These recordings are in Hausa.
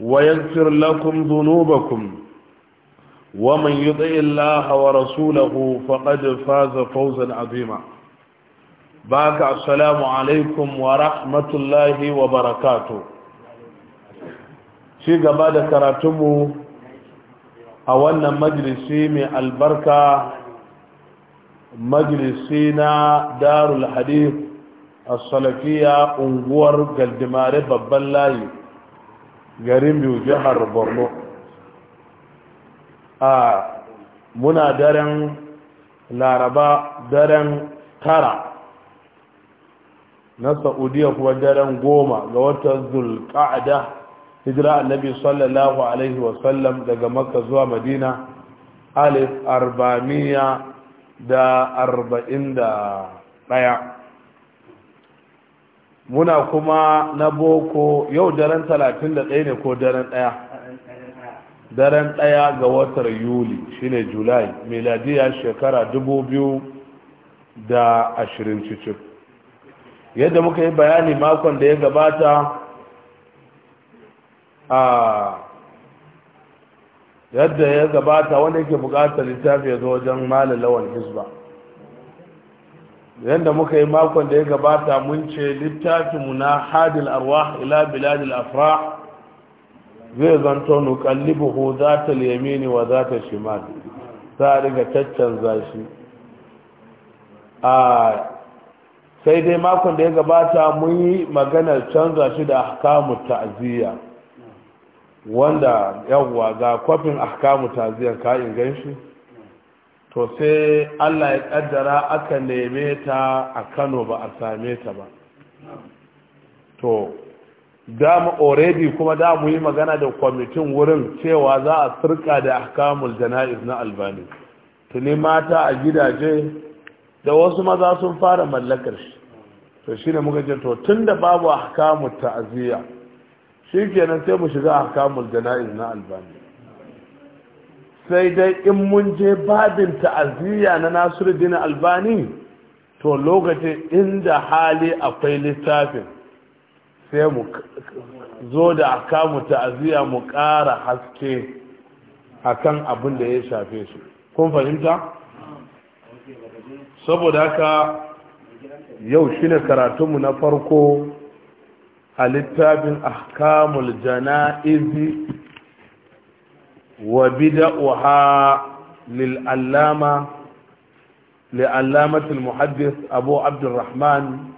ويغفر لكم ذنوبكم ومن يطع الله ورسوله فقد فاز فوزا عظيما باك السلام عليكم ورحمة الله وبركاته شيء بعد كراتمه أولنا مجلسي من البركة مجلسينا دار الحديث السلفية أنقور قلدماري ببلاي garin biyu jihar borno a muna daren laraba daren tara na saudiyya kuma daren goma ga wata zulka'ada hijira annabi sallallahu alaihi wasallam daga makka zuwa madina alif arba'amiya da arba'in da ɗaya muna kuma na boko yau daren 31 ne ko daren daya daren daya ga watar yuli shine julai miladiya shekara 2020 yadda muka yi bayani makon da ya gabata a yadda ya gabata wanda yake bukatar littafi ya zo wajen malin lawan hisba yadda muka yi makon da ya gabata mun ce littafinmu na hadil arwa ila biladil afra. zai zanto ta zatal yamini wa za ta shimal za a riga caccanza shi a sai dai makon da ya gabata mun yi maganar canza shi da ahkamu ta'ziya wanda yawwa ga kwafin ahkamu ta'ziya ka ingan shi to sai allah ya kaddara aka neme ta a kano ba a same ta ba to dama already kuma da mu yi magana da kwamitin wurin cewa za a sirka da ahkamul jana'iz na albani tuni mata a gidaje da wasu maza sun fara mallakar shi to shi ne muka ce to tun da babu ahkamul ta'aziyya shi kenan sai mu shiga ahkamul jana'iz na albani sai dai in mun je babin ta'aziyya na Nasiru nasiruddin albani to lokacin inda hali akwai littafin sai mu zo da aka mu ta'aziyya mu ƙara haske akan abin da ya shafe su kun fahimta saboda haka yau shine karatunmu na farko a littafin ahkamul jana'izi wa bida'uha lil'allama lil'allamatul muhaddis abu abdurrahman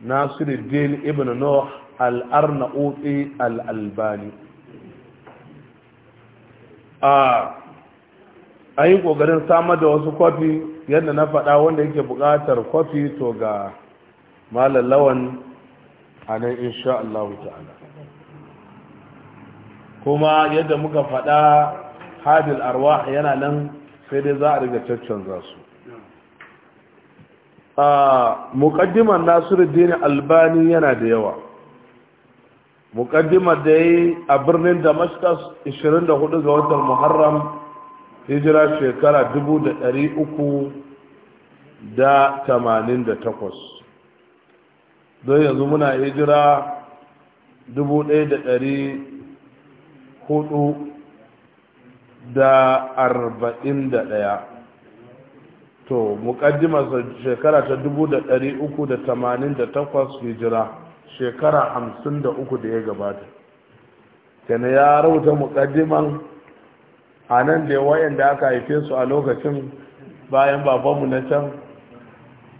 nasiruddin ibn nuh al'arnauti al'albani a an yi ƙoƙarin samar da wasu kwafi yadda na faɗa wanda yake buƙatar kwafi to ga malallawan a nan insha Allah ta'ala kuma yadda muka faɗa hadil arwa yana nan sai dai za a riga za su a muƙaddimar nasiruddin albani yana da yawa muƙaddimar da yi a birnin damascus 24 ga watan muharram hijira shekara 388 don yanzu muna hijira hudu da arba'in da ɗaya to muƙaddimarsa shekara ta dubu da ɗari uku da tamanin da takwas hijira shekara hamsin da uku da ya gabata kenan ya rauta muƙaddiman a nan da yawayen da aka haife su a lokacin bayan babanmu na can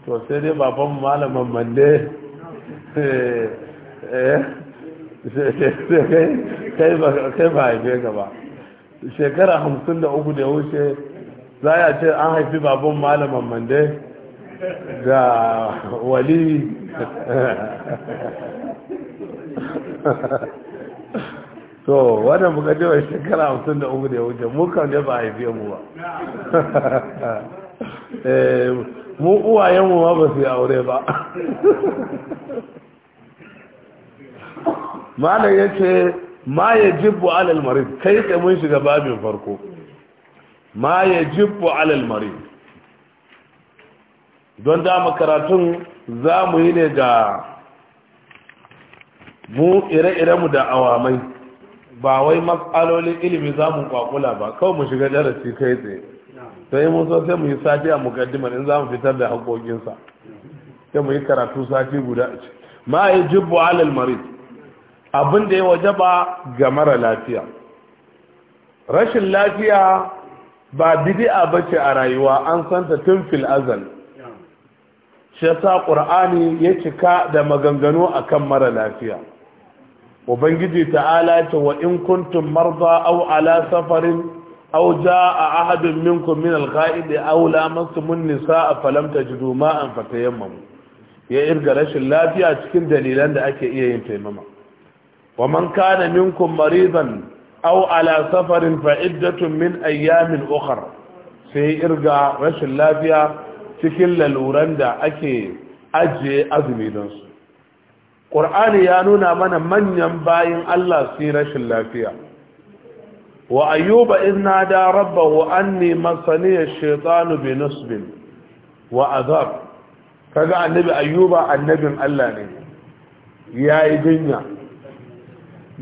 to sai dai babanmu malaman mande eh, eh. kai ba haife ka ba shekara hamsin da uku da ya wuce za a ce an haifi babban malaman mande da wali so wannan muka je shekara hamsin da uku da ya wuce mu kan ne ba haife mu ba eh, mu uwayenmu ma ba su yi aure ba malam yace ma jibbu alal marid kai da mun shiga babin farko ma jibbu alal marid don dama karatun za mu yi ne ga mu ire ire mu da awamai ba wai matsalolin ilimi za mu kwakula ba kawai mu shiga darasi kai tsaye sai mun so sai mu yi sati a mukaddimar in za mu fitar da haƙoƙinsa sai mu yi karatu sati guda ce ma ya jibbo alal marid abin da ya waje ba ga mara lafiya rashin lafiya ba ba bace a rayuwa an santa tun fil azal shi sa qur'ani ya cika da maganganu akan mara lafiya ubangiji ta'ala ta wa in kuntum marza au ala safarin ja a ahadun minkum min al-ghaid aw lamastum a nisaa an fata yamma mu ya irga rashin lafiya cikin dalilan da ake iya yin taimama Wa كان منكم مريضا أو على safarin فعدة min ayyamin أخرى sai irga rashin lafiya cikin laluran da ake ajiye azumi don ƙur'ani ya nuna mana manyan bayan Allah su rashin lafiya wa ayyuba in nada rabbahu anni masaniya shaitanu bi wa azab kaga annabi Ayuba annabin Allah ne yayi jinya.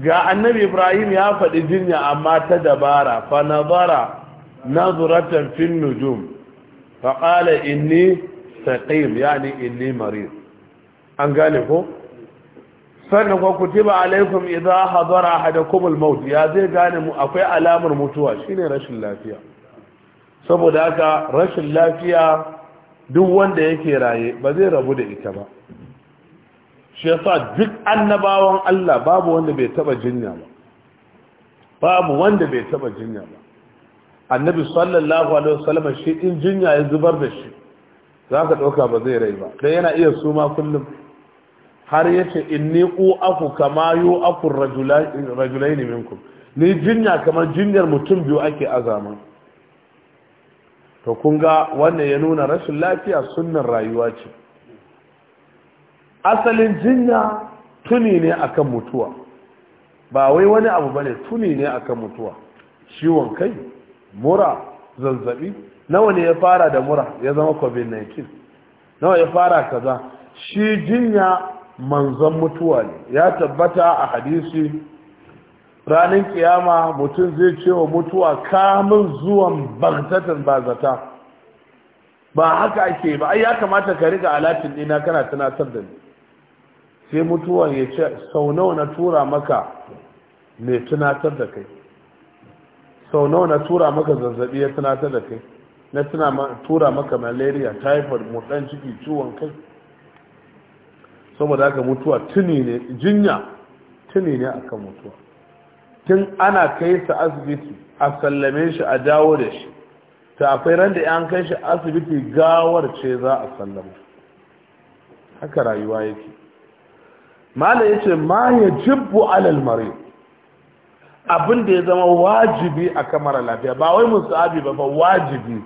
ga annabi ibrahim ya faɗi jinya amma ta dabara fa nazara nazratan fil nujum fa qala inni saqim yani inni marid an gane ko sannan ko kutiba alaikum idza hadara ahadakum al ya zai gane mu akwai alamar mutuwa shine rashin lafiya saboda haka rashin lafiya duk wanda yake raye ba zai rabu da ita ba shi yasa duk annabawan Allah babu wanda bai taba jinya ba babu wanda bai taba jinya ba annabi sallallahu alaihi wasallam shi in jinya ya zubar da shi zaka dauka ba zai rai ba dan yana iya suma kullum har yace inni aku kama rajulain rajulain minkum ni jinya kamar jinyar mutum biyu ake azama to kun ga wannan ya nuna rashin lafiya sunnan rayuwa ce asalin jinya tuni ne akan mutuwa ba wai wani abu bane tuni ne akan mutuwa ciwon kai mura zazzabi nawa ne ya fara da mura ya zama covid-19 nawa ya fara kaza shi jinya manzon mutuwa ne ya tabbata a hadisi ranar kiyama mutum zai ce wa mutuwa kamun zuwan bagtatan bazata ba haka ake ba ai ya kamata ka riga alatin dina kana tunatar da ni sai mutuwan ya ce sau nawa na tura maka mai tunatar da kai sau nawa na tura maka zazzabi ya tunatar da kai na tura maka malaria typhoid murdan ciki ciwon kai saboda haka mutuwa tuni ne jinya tuni ne akan mutuwa tun ana kai sa asibiti a sallame shi a dawo da shi ta akwai ran da yan kai shi asibiti gawar ce za a sallama haka rayuwa yake malam yace ma yajibu alal marid abin da ya zama wajibi a kamar lafiya ba wai musabi ba ba wajibi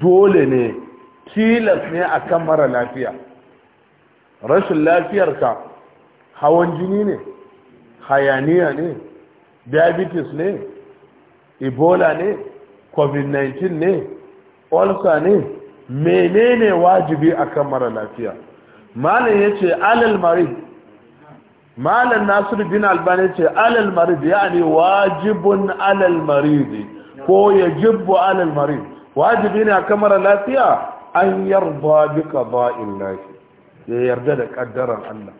dole ne tilas ne a kamar lafiya rashin lafiyar ka hawan jini ne hayaniya ne diabetes ne ebola ne covid-19 ne ulcer ne menene wajibi a kamar lafiya malam ya ce alal marid malam nasir bin albani ce alal marid yani wajibin alal marid ko yajibu alal marid wajibi ne a mara lafiya an yarda bi qada'in lafi ya yarda da kaddaran Allah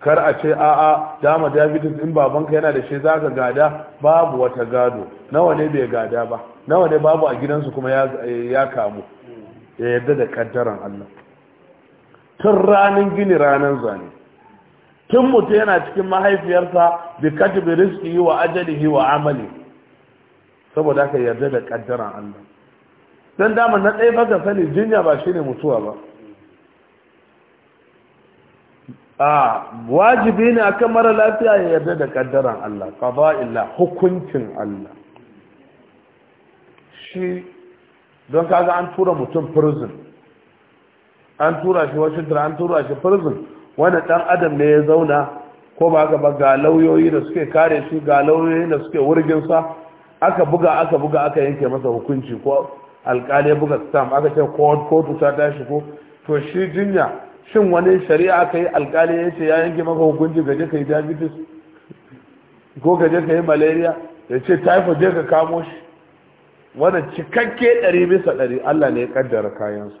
kar a ce a'a dama david in babanka yana da shi zaka gada babu wata gado nawa ne bai gada ba nawa ne babu a gidansu kuma ya kamu ya yarda da kaddaran Allah tun ranin gini ranar zane tun mutum yana cikin mahaifiyarsa bi katibi yi wa ajalihi wa amali saboda aka yarda da kaddara Allah dan dama na ɗaya baka sani jinya ba shine mutuwa ba a wajibi ne akan mara lafiya ya yarda da kaddaran Allah illa hukuncin Allah shi don kaga an tura mutum prison an tura shi Washington an tura shi prison wani ɗan adam ne ya zauna ko ba gaba ga lauyoyi da suke kare shi ga lauyoyi da suke wurginsa aka buga aka buga aka yanke masa hukunci ko alƙali ya buga stamp aka ce kotu ta tashi ko to shi jinya shin wani shari'a ka yi alƙali ya ce ya yanke maka hukunci gaje ka yi diabetes ko gaje ka yi malaria ya ce typhoid je ka kamo shi wanda cikakke ɗari bisa ɗari allah ne ya kaddara kayansu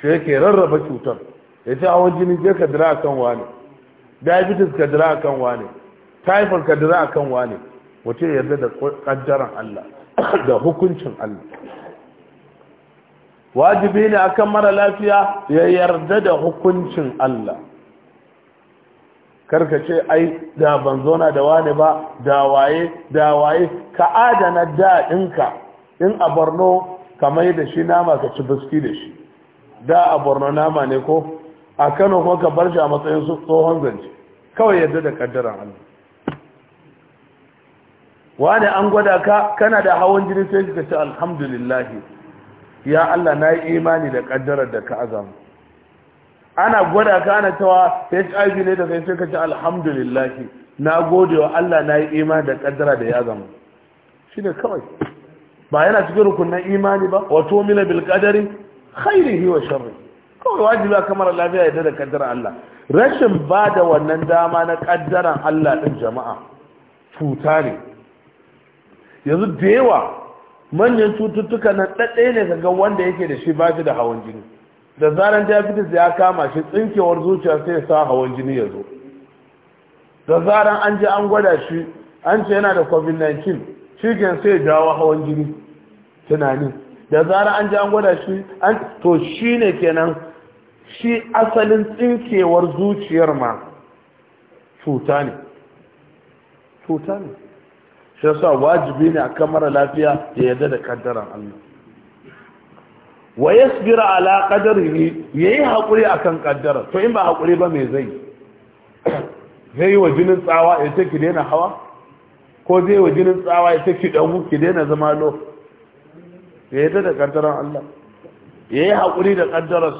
shi yake rarraba cutar ya ce awon jini je ka dira kan wane diabetes ka dira kan wane typhoid ka dira kan wane wace ya yarda da kaddaran Allah da hukuncin Allah wajibi ne akan mara lafiya ya yarda da hukuncin Allah karka ce ai da ban na da wane ba da waye da waye ka adana daɗinka in a borno ka mai da shi nama ka ci biski da shi da a borno nama ne ko a kano ko ka bar shi a matsayin su tsohon zance kawai yadda da kaddaran Allah wani an gwada ka kana da hawan jini sai ka ce alhamdulillah ya Allah na yi imani da kaddarar da ka azam ana gwada ka ana cewa HIV ne da kai sai ka ce alhamdulillah na gode wa Allah na yi imani da kaddara da ya shi ne kawai ba yana cikin rukunin imani ba wato mina bil qadari khairihi wa sharrihi kawai wajiba kamar lafiya yadda da kaddara Allah rashin ba da wannan dama na kaddaran Allah ɗin jama'a cuta ne yanzu da yawa manyan cututtuka na ɗaɗɗe ne ga wanda yake da shi ba shi da hawan jini da zaran diabetes ya kama shi tsinkewar zuciya sai sa hawan jini ya zo da zaran an je an gwada shi an ce yana da covid-19 cikin sai jawo hawan jini tunani da zaran an je an gwada shi to shi ne kenan shi asalin tsinkewar zuciyar ma cuta ne cuta ne shi yasa wajibi ne akan mara lafiya ya yadda da kaddaran Allah wa yasbira ala qadarihi yayi hakuri akan kaddara to in ba hakuri ba me zai zai wa jinin tsawa ya take daina hawa ko zai wa jinin tsawa ya take dan ki daina zama lo ya da kaddaran Allah yayi hakuri da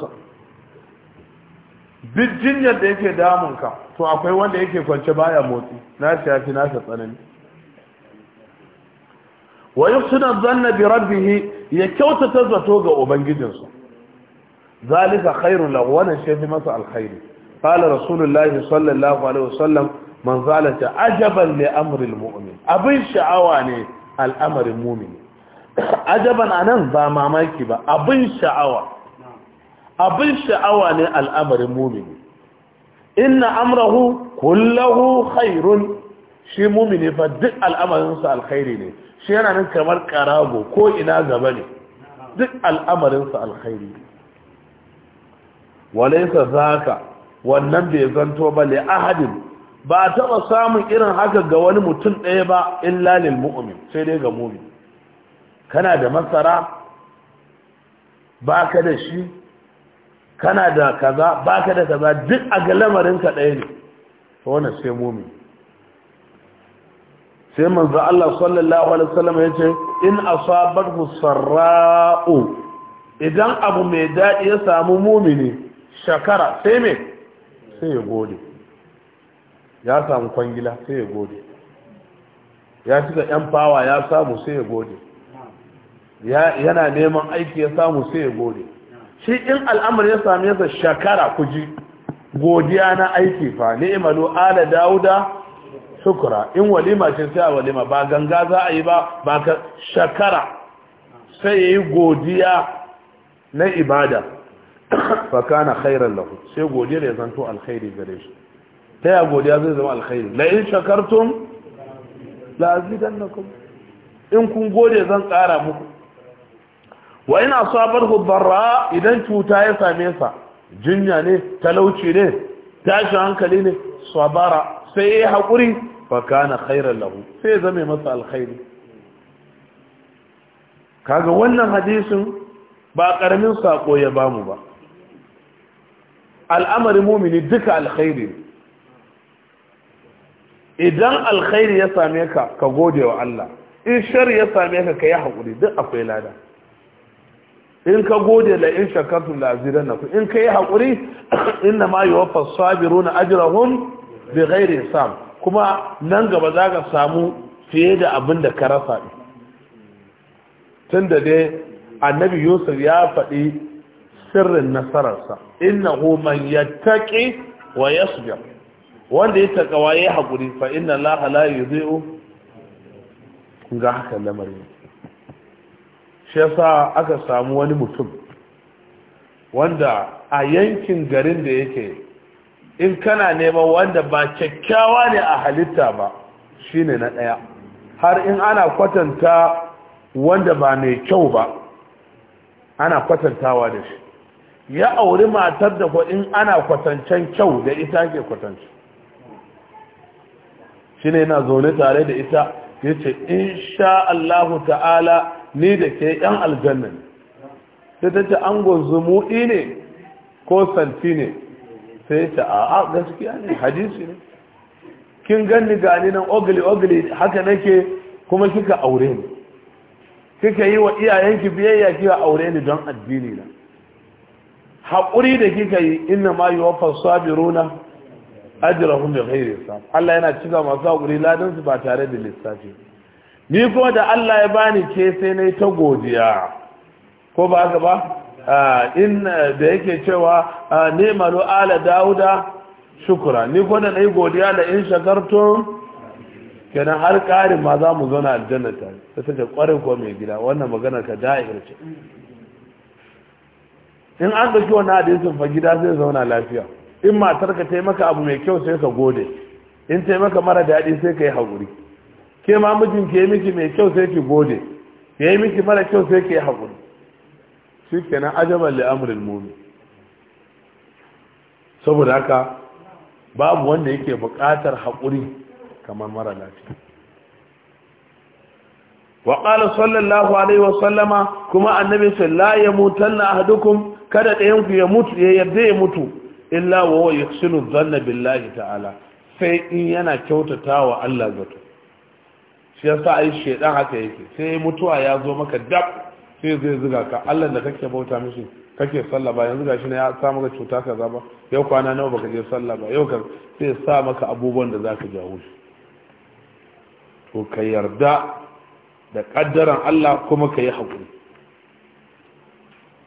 sa. duk jinyar da yake damun ka to akwai wanda yake kwance baya motsi na shi fi nasa tsanani wa yusna dhanna bi rabbih ya kyautata zato ga ubangijinsa zalika khairun lahu wannan shi masa alkhairi qala rasulullahi sallallahu alaihi wasallam man zalata ajaban li amri almu'min abin sha'awa ne al'amarin mu'min ajaban anan ba mamaki ba abin sha'awa abin sha'awa ne al'amarin mumini inna amrahu kullahu khairun shi mumini fa duk al'amarinsa alkhairi ne shi yana nan kamar karago ko ina gaba ne duk al'amarinsa alkhairi ne walaisa zaka wannan bai zanto ba li ahadin ba taɓa samun irin haka ga wani mutum ɗaya ba illa lil mu'min sai dai ga mumin kana da masara baka da shi kana da kaza baka da kaza duk a ga lamarinka ɗaya ne wannan sai mumin sai manzo Allah sallallahu alaihi wasallam yace in asabathu sarra'u idan abu mai dadi ya samu mumini shakara sai me sai ya gode ya samu kwangila sai ya gode ya cika yan power ya samu sai ya gode yana neman aiki ya samu sai ya gode shi in al'amari ya same sa shakara ku ji godiya na aiki fa ni'malu ala dauda shukura in walima ce sai walima ba ganga za a yi ba ba ka shakara sai yi godiya na ibada fa kana khairan lahu sai godiya ya zanto alkhairi gare shi ta ya godiya zai zama alkhairi la in shakartum la azidannakum in kun gode zan kara muku wa ina sabar barra idan cuta ya same sa jinya ne talauci ne tashi hankali ne sabara sai ya haƙuri fa kana khairan lahu sai zame masa alkhairi kaga wannan hadisin ba karamin sako ya bamu ba al'amari mumini duka alkhairi idan alkhairi ya same ka ka gode wa Allah in shari ya same ka ka yi haƙuri duk akwai lada in ka gode la in shakartum la azidannakum in kai hakuri inna ma yuwaffa sabiruna ajrahum bighairi hisab kuma nan gaba za ka samu fiye da abinda ka rasa tunda dai annabi yusuf ya faɗi sirrin nasararsa innahu man yattaqi wa yasbir wanda ya takawa ya hakuri fa inna allaha la yudhi'u ga haka lamarin shi aka samu wani mutum wanda a yankin garin da yake in kana neman wanda ba kyakkyawa ne a halitta ba shine na ɗaya har in ana kwatanta wanda ba mai kyau ba ana kwatantawa da shi ya auri matar da in ana kwatancen kyau da ita ke kwatanci shi ne yana zaune tare da ita ya ce insha Allahu ta'ala ni da ke yan aljanna ne sai ta ce angon zumuɗi ne ko santi ne sai ta a gaskiya ne hadisi ne kin ganni gani nan ogili ogili haka nake kuma kika aure ni kika yi wa iyayenki biyayya kika aure ni don addini na haƙuri da kika yi inna ma yi wafa sabiruna ajirahun da ghairi sa Allah yana cika masu haƙuri ladansu ba tare da lissafi ni kuma da Allah ya bani ke sai na ta godiya ko ba haka ba in eh, da yake cewa ne malu ala dauda shukura ni kuma da na yi godiya da in shakarto kenan har ƙarin ma za mu zauna aljanna ta ta ƙwarin ko mai gida wannan maganar ka da'ir ce in an ɗauki wani hadisin fa gida zai zauna lafiya in matar ka taimaka abu mai kyau sai ka gode in taimaka mara daɗi sai ka yi haƙuri ke ma mijin ke miki mai kyau sai ki gode ke yi miki mara kyau sai ki haƙuri shi nan ajabar li'amurin mumi saboda haka babu wanda yake buƙatar haƙuri kamar mara lafiya wa sallallahu alaihi wa sallama kuma annabi sallallahu ya na ahadukum kada ɗayan ku ya mutu ya yarda ya mutu illa wa huwa yuhsinu zanna billahi ta'ala sai in yana kyautata wa Allah zato shi yasa ai shedan haka yake sai mutuwa ya zo maka dab sai zai zuga ka Allah da kake bauta mishi kake sallah ba yanzu gashi ne ya sa maka cuta ka zaba yau kwana nawa baka je sallah ba yau ka sai sa maka abubuwan da zaka jawo shi to ka yarda da kaddaran Allah kuma ka yi hakuri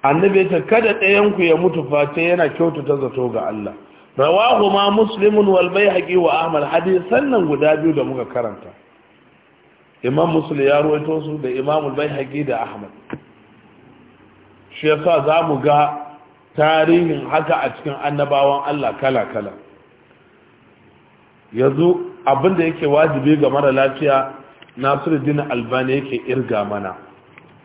annabi ya ce kada ɗayan ku ya mutu face yana kyautata zato ga Allah rawahu ma muslimun wal bayhaqi wa ahmad hadisan sannan guda biyu da muka karanta imam musul ya ruwaito su da imamul bai da ahmad shi yasa za mu ga tarihin haka a cikin annabawan allah kala-kala yanzu abinda yake wajibi ga mara lafiya nasiruddin albani yake irga mana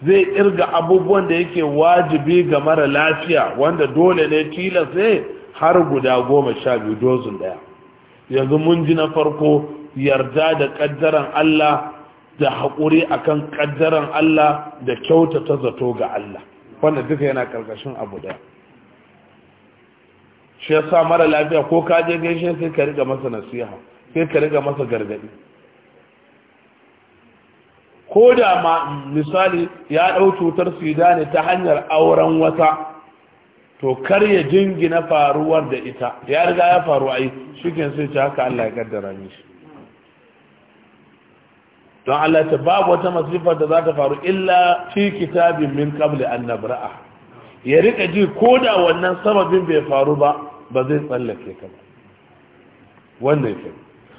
zai irga abubuwan da yake wajibi ga mara lafiya wanda dole ne tilas ne har guda goma sha biyu dozin daya yanzu mun ji na farko yarda da kaddaran allah da haƙuri akan ƙaddaran Allah da kyauta ta zato ga Allah wanda duka yana ƙarƙashin abu ɗaya shi sa mara lafiya ko ka je gaishe sai ka riga masa nasiha sai ka riga masa gargaɗi ko da ma misali ya ɗau cutar sida ne ta hanyar auren wata to kar ya jingina faruwar da ita ya riga ya faru ai shi sai ta haka Allah ya kaddara mishi don Allah ta babu wata masifar da za ta faru illa fi kitabin min kabli an nabra'a ya rika ji ko da wannan sababin bai faru ba ba zai tsallake ka ba wannan ke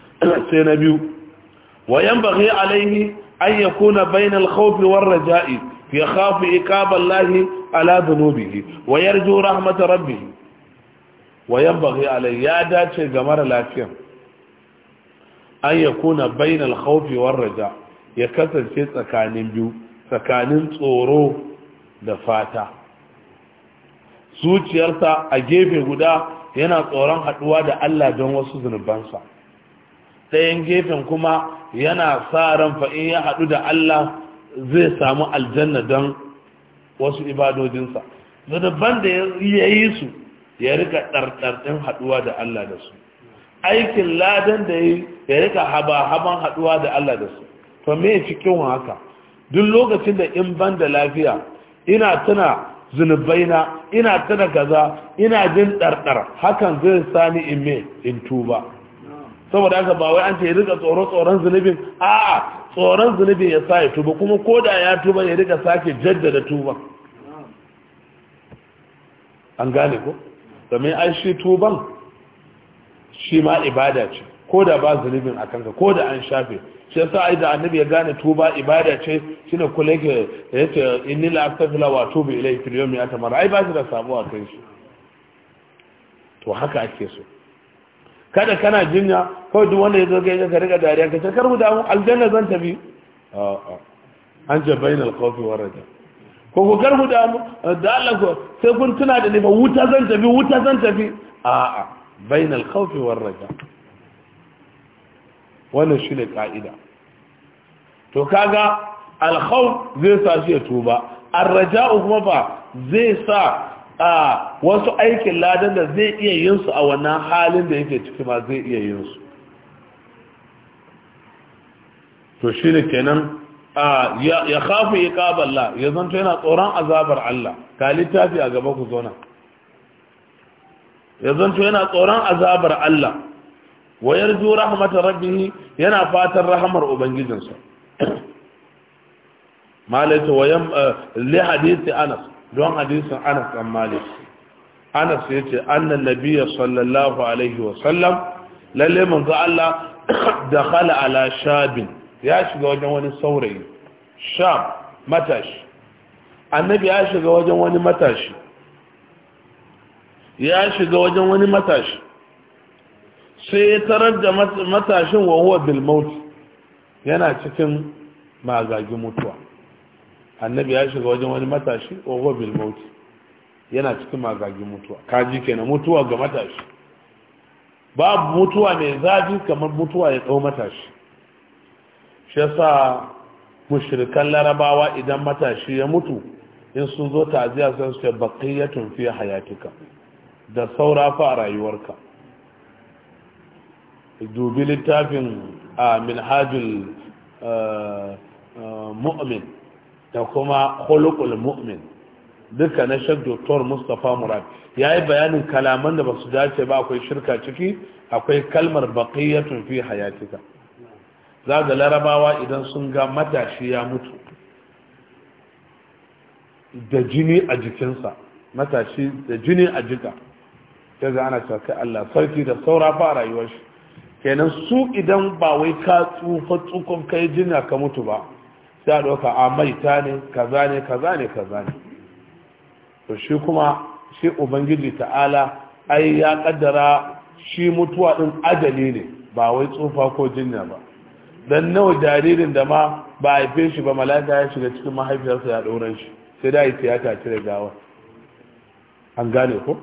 sai na biyu wa yanbaghi alaihi an yakuna bayna al-khawf war raja'i yakhafu iqab Allah ala dhunubihi wa yarju rahmat rabbih wa yanbaghi alaihi ya dace ga mara lafiyan an ya kuna bainal haufi warraja ya kasance tsakanin biyu tsakanin tsoro da fata zuciyarsa a gefe guda yana tsoron haduwa da Allah don wasu zunubansa ɗayan gefen kuma yana sa ran fa'in ya haɗu da Allah zai samu aljanna don wasu ibadojinsa zunuban da ya yi su ya rika ɗarɗarɗin haɗuwa da Allah da su aikin ladan da ya rika haba haban haduwa da Allah da su to me cikin haka duk lokacin da in ban da lafiya ina zunubai zunubaina ina tana kaza ina jin ɗarɗar hakan zai sani in me in tuba saboda haka ba wai an ce ya rika tsoron tsoron zunubin a'a tsoron zunubin ya sa ya tuba kuma ko da ya tuba ya rika sake jaddada tuba an gane ko domin ai shi tuban shi ma ibada ce ko da ba zunubin a kanka ko da an shafe shi yasa ai da annabi ya gane tuba ibada ce shine kula ke yace inni la astaghfiru wa atubu ilayhi fil yawmi tamar. ai ba shi da sabo a kai shi to haka ake so kada kana jinya kawai duk wanda ya zo ga ka riga dariya ka ce kar mu damu aljanna zan tafi a'a an ja bainal khawfi wa raja ko ku kar mu damu da Allah ko sai kun tuna da ni ba wuta zan tafi wuta zan tafi a'a bainal الخوف والرجاء raja wannan shi ne ka'ida to kaga alhau zai sa shi ya tuba arraja'u kuma ba zai sa a wasu aikin ladan da zai iya yin su a wannan halin da yake ciki ma zai iya yin su to shi ne kenan ya khafi iqaballah ya zanto yana tsoron azabar Allah ka littafi a gaba ku zo na. ya zanto yana tsoron azabar Allah wa yarju rahmatar rabbihi yana fatan rahamar ubangijinsa malaita wa yam eh, li hadisi Anas don hadisin Anas an Malik Anas yace anna nabiyya sallallahu alaihi wa sallam lalle manzo Allah dakhala ala shabin ya shiga wajen wani saurayi shab matashi annabi ya shiga wajen wani matashi ya shiga wajen wani matashi sai ya tarar da matashin wa huwa bilmauti yana cikin magagi mutuwa annabi ya shiga wajen wani matashi wa huwa bilmauti yana cikin magagi mutuwa kaji kenan mutuwa ga matashi babu mutuwa mai zafi kamar mutuwa ya tsawo matashi shi sa mushirikan larabawa idan matashi ya mutu in sun zo ta'aziyar sai su ce baqiyatun fiye hayatuka da saura fa a rayuwarka dubi littafin a minhajul mu'min da kuma khuluqul mu'min duka na shan doktor mustapha murad ya yi bayanin kalaman da ba su dace ba akwai shirka ciki akwai kalmar baƙiyatun fi hayatika za ga larabawa idan sun ga matashi ya mutu da jini a jikinsa matashi da jini a jika sai ga ana kai Allah sarki da saura ba rayuwar shi kenan su idan ba wai ka tsufa tsukon kai jinya ka mutu ba sai a ɗauka a maita ne kaza ne kaza ne kaza ne to shi kuma shi ubangiji ta'ala ai ya kaddara shi mutuwa din ajali ne ba wai tsufa ko jinya ba dan nawa jaririn da ma ba haife shi ba malaka ya shiga cikin mahaifiyarsa ya ɗauran shi sai da yi tiyata cire gawa an gane ko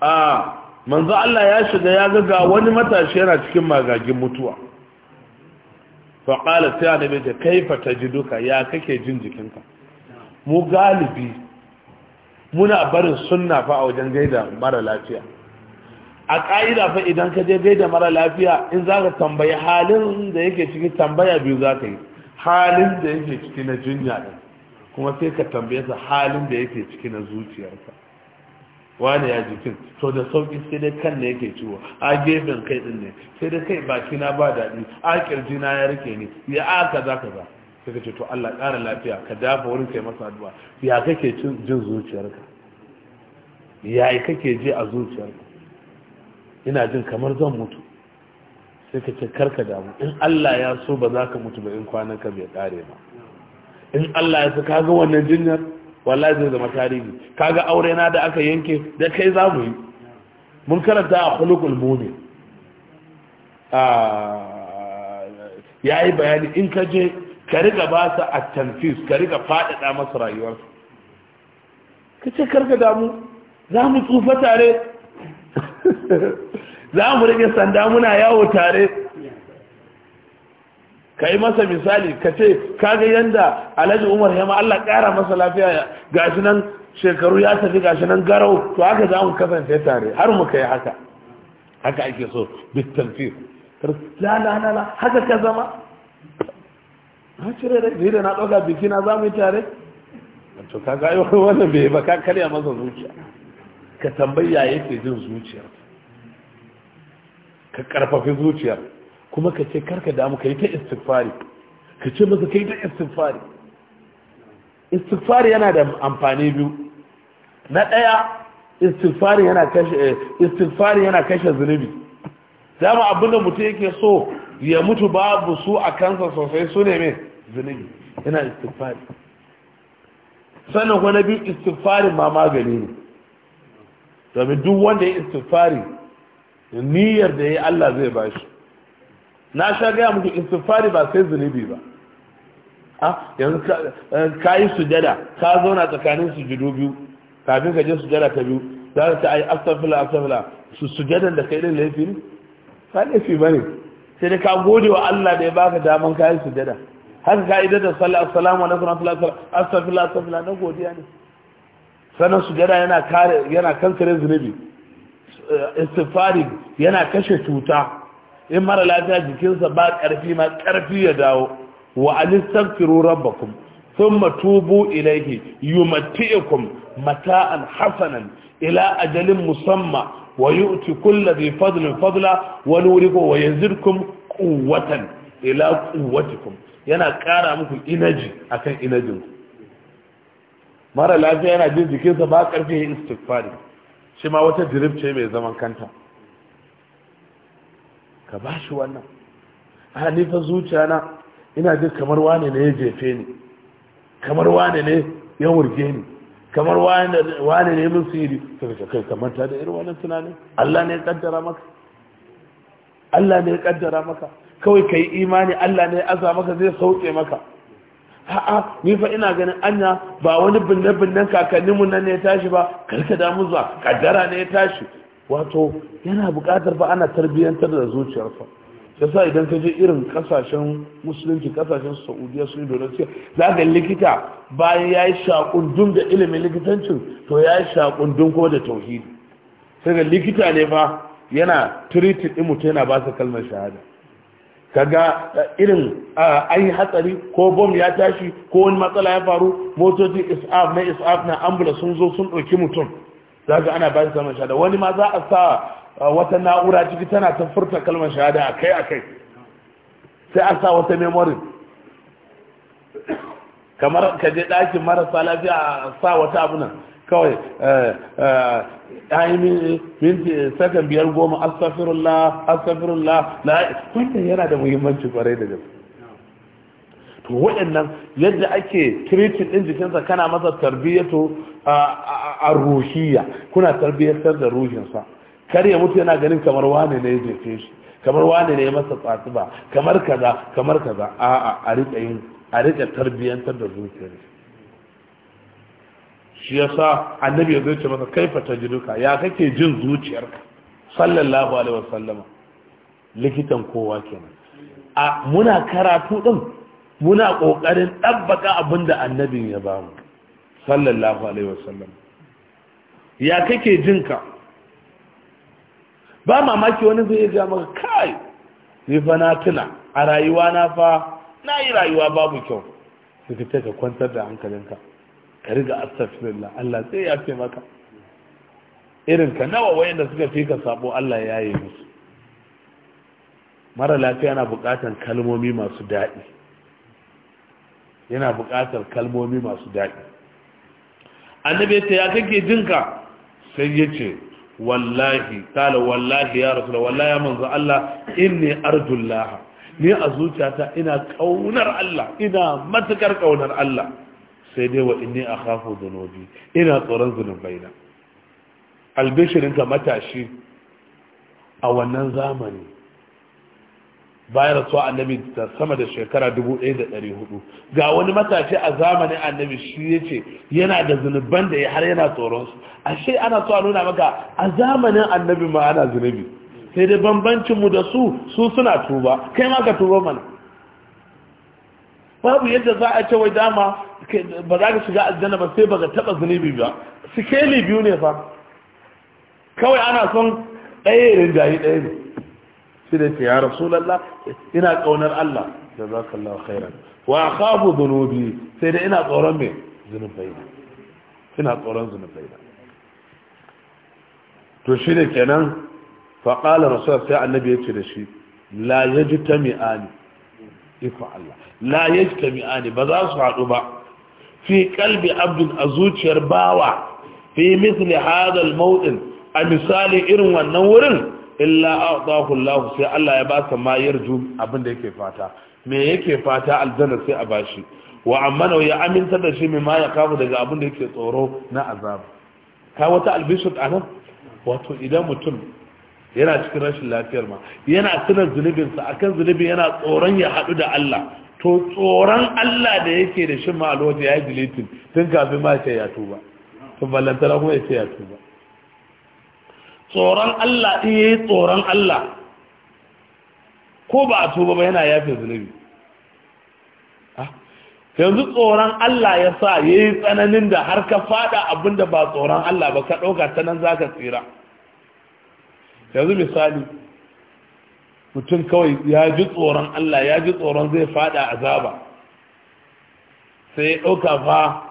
a manzo Allah ya shiga ya ga wani matashi yana cikin magagin mutuwa fa qala ta annabi ta kaifa tajiduka ya kake jin jikinka mu galibi muna barin sunna fa a wajen gaida mara lafiya a ka'ida fa idan ka je gaida mara lafiya in za ka tambayi halin da yake ciki tambaya biyu za ka yi halin da yake ciki na jinya kuma sai ka tambaye sa halin da yake ciki na zuciyarka wane ya jikin to da sauƙi sai dai kan ne yake ciwo a gefen kai din ne sai dai kai baki na ba daɗi a ƙirji na ya rike ni ya a kaza kaza sai ka ce to Allah ƙara lafiya ka dafa wurin kai masa addu'a ya kake jin zuciyarka ya kake ji a zuciyarka ina jin kamar zan mutu sai ka ce karka damu in Allah ya so ba za ka mutu ba in kwanan ka bai ƙare ba in Allah ya so ka ga wannan jinyar wallahi zai zama tarihi kaga aure na da aka yanke da kai za mu yi mun karanta a khuluqul mu'min ya yi bayani in ka je ka riga ba su a tanfis ka riga faɗaɗa masa rayuwarsu ka ce karka damu za mu tsufa tare za mu rage sanda muna yawo tare ka yi masa misali ka ce kaga yanda alhaji umar ya ma Allah ƙara masa lafiya shi nan shekaru ya tafi shi nan garau to haka za mu kasance tare har mu kai haka haka ake so bitamfir la la la la haka ka zama ha cire da ni da na ɗauka biki na zamu yi tare to ka ga yau wannan bai ba ka karya masa zuciya ka tambaya yake jin zuciyar ka karfafi zuciyar kuma ka ce karka damu ka yi ta istighfari ka ce masa ka ta istighfari istighfari yana da amfani biyu na ɗaya istighfari yana kashe eh, istighfari yana kashe zunubi dama abinda mutum yake so ya mutu babu su a kansa sosai su ne mai zunubi yana istighfari sannan kuma na biyu istighfari ma magani ne domin duk wanda ya istighfari niyyar da ya Allah zai bashi na sha gaya muku istifari ba sai zunubi ba a ah, yanzu eh, ka yi sujada ka zauna tsakanin su jidu biyu kafin ka je sujada ta biyu za ka ta ai astafila astafila su sujadan da kai din laifi ne ka laifi ba ne. sai dai ka gode wa Allah da ya baka daman ka yi sujada haka ka yi da sallah assalamu alaikum astafila astafila na godiya ne sanan sujada yana kare yana kankare zunubi eh, istifari yana kashe cuta in mara lafiya jikinsa ba ƙarfi ma ƙarfi ya dawo wa anistaghfiru rabbakum thumma tubu ilayhi yumatti'ukum mata'an hasanan ila ajalin musamma wa yu'ti kulli dhi fadlin fadla wuri ko wa yazidkum quwwatan ila quwwatikum yana ƙara muku inaji akan inajin mara lafiya yana jin jikinsa ba ƙarfi ya istighfari shi ma wata dirib mai zaman kanta ka ba shi wannan a nifin zuciya na ina jin kamar wane ne ya jefe ni kamar wane ne ya wurge ni kamar wane ne mun siri ta ka kai kamar ta da irin wannan tunanin Allah ne ya kaddara maka Allah ne ya kaddara maka kawai ka yi imani Allah ne ya aza maka zai sauke maka a'a ni fa ina ganin anya ba wani binne binnen kakanninmu nan ne ya tashi ba karka damu zuwa kaddara ne ya tashi wato yana buƙatar ba ana tarbiyyantar da zuciyarsa sa idan ka je irin kasashen musulunci kasashen saudiya su indonesia za ga likita bayan ya yi shakundun da ilimin likitancin to ya yi shakundun kuma da tauhidi sai ga likita ne ba yana tiritin ɗin mutum yana ba su kalmar shahada kaga irin an yi hatsari ko bom ya tashi ko wani matsala ya faru motocin isaf na isaf na ambula sun zo sun ɗauki mutum za ga ana ba shi kalmar shahada wani ma za a sa uh, wata na'ura ciki tana ta furta kalmar shahada a kai a kai sai a sa wata memori kamar ka je ɗakin marasa lafiya a sa wata abu nan kawai uh, uh, a yi minti sakan biyar goma astafirullah astafirullah na yana da muhimmanci kwarai da gaske to waɗannan yadda ake treating ɗin jikinsa kana masa tarbiyyatu a ruhiyya kuna tarbiyyatar da ruhinsa kar ya mutu yana ganin kamar wane ne ya jefe shi kamar wane ne ya masa ba? kamar kaza kamar kaza a a rika yin a rika tarbiyyantar da zuciyar shi ya sa annabi ya zai masa kai fata jiduka ya kake jin zuciyarka sallallahu alaihi wasallama likitan kowa kenan a muna karatu din muna ƙoƙarin ɗabbaka abin da annabin ya ba mu sallallahu alaihi wasallam ya kake jinka ba mamaki wani zai iya maka kai ni fa na tuna a rayuwa na fa na yi rayuwa babu kyau suka ce ka kwantar da hankalinka ka riga astagfirullah Allah sai ya fi maka irin ka nawa wayanda suka fi ka sabo Allah ya yi musu mara lafiya na bukatan kalmomi masu daɗi yana buƙatar kalmomi masu daɗi annabi ya kake jinka sai ya ce wallahi tala wallahi ya rasu wallahi ya manzo Allah inni arjullah ni a zuciyata ina kaunar Allah ina matukar kaunar Allah sai dai wa inni akhafu dhunubi ina tsoron zunubaina albishirin ka matashi a wannan zamani bayan rasuwa annabi da sama da shekara 1400 ga wani matashi a zamanin annabi shi ya ce yana da zunuban da ya har yana tsoronsu ashe ana so a nuna maka a zamanin annabi ma ana zunubi sai dai mu da su su suna tuba kai ma ka tuba mana babu yadda za a ce wai dama ba za ka shiga aljanna ba sai ba baka taba zunubi ba sikeli biyu ne fa kawai ana son ɗaya rinjayi ɗaya ne sai da ce ya rasulallah ina kaunar Allah da za jazakallahu khairan wa akhafu dhunubi sai da ina tsoron me zunubaina ina tsoron zunubaina to shi da kenan fa qala rasul sai annabi ya ce da shi la ta yajtami'ani ifa Allah la ta mi'ani, ba za su haɗu ba fi kalbi abdin a zuciyar bawa fi mithli hadha al a misali irin wannan wurin illa a'dahu Allah sai Allah ya ba sa ma yarju abin da yake fata me yake fata aljanna sai a bashi wa amana ya aminta da shi me ma ya kafu daga abin da yake tsoro na azab ka wata albishut anan wato idan mutum yana cikin rashin lafiyar ma yana tuna zunubinsa akan zunubi yana tsoron ya haɗu da Allah to tsoron Allah da yake da shi ma alwaji ya yi deleting tun kafin ma ya ya tuba to ballantara kuma ya ya tuba tsoron Allah in yi tsoron Allah ko ba a tuba ba yana yafe zunubi ah, yanzu tsoron Allah ya sa ya yi tsananin da har ka fada abinda ba tsoron Allah ba ka ɗauka ta nan za ka tsira yanzu misali mutum kawai ya ji tsoron Allah ya ji tsoron zai fada azaba sai ya ɗauka fa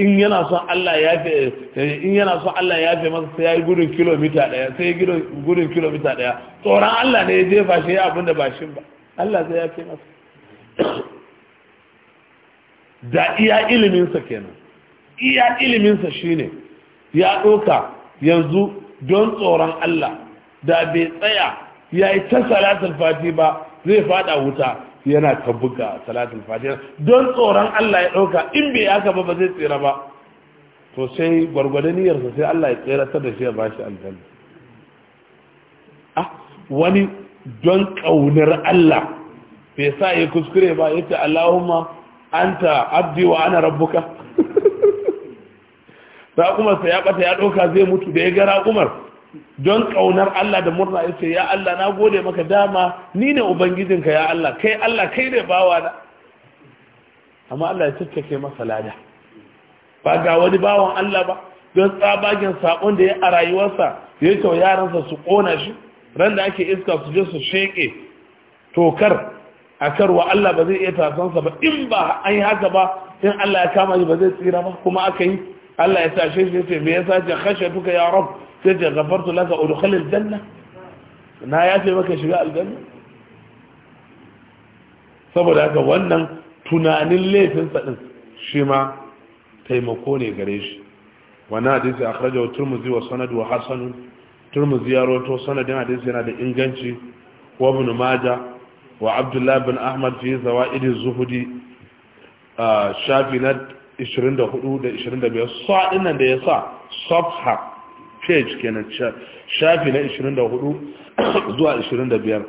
in yana son Allah ya fi eh, in yana son Allah ya fi masa sai ya yi gudun kilomita ɗaya sai ya gudun kilomita daya tsoron Allah ne ya jefa shi ya abin da ba shi ba Allah zai ya fi masa da iya iliminsa kenan iya iliminsa shine ya ɗauka yanzu don tsoron Allah da bai tsaya ya yi ta salatul fati ba zai fada wuta yana ta buga salatul fatiha don tsoron Allah ya dauka in bai aka ba ba zai tsira ba to sai gwargwadon niyyarsa sai Allah ya tsira ta da shi ya bashi aljanna ah wani don kaunar Allah bai sa ya kuskure ba yace Allahumma anta abdi wa ana rabbuka ta kuma sai ya bata ya dauka zai mutu da ya gara Umar don ƙaunar Allah da murna ya ce ya Allah na gode maka dama ni ne ubangijinka ya Allah kai Allah kai ne bawa na amma Allah ya caccake masa lada ba ga wani bawan Allah ba don tsabagen sakon da ya a rayuwarsa ya kyau yaransa su kona shi ran da ake iska su je su sheke tokar a karwa Allah ba zai iya tasansa ba in ba an yi haka ba in Allah ya kama shi ba zai tsira ba kuma aka yi Allah ya tashe shi ce me yasa ce khashatuka ya rab sai ce ghafartu laka udkhul aljanna na yafe maka shiga aljanna saboda haka wannan tunanin laifin sa din shi ma taimako ne gare shi wannan hadisi akhrajahu turmuzi wa sanadu wa hasan turmuzi ya rawato sanadin hadisi yana da inganci wa ibn majah wa abdullah bin ahmad fi zawaid zuhudi zuhdi shafi na 24 da 25 sa dinnan da ya sa safha page kenan shafi na 24 zuwa 25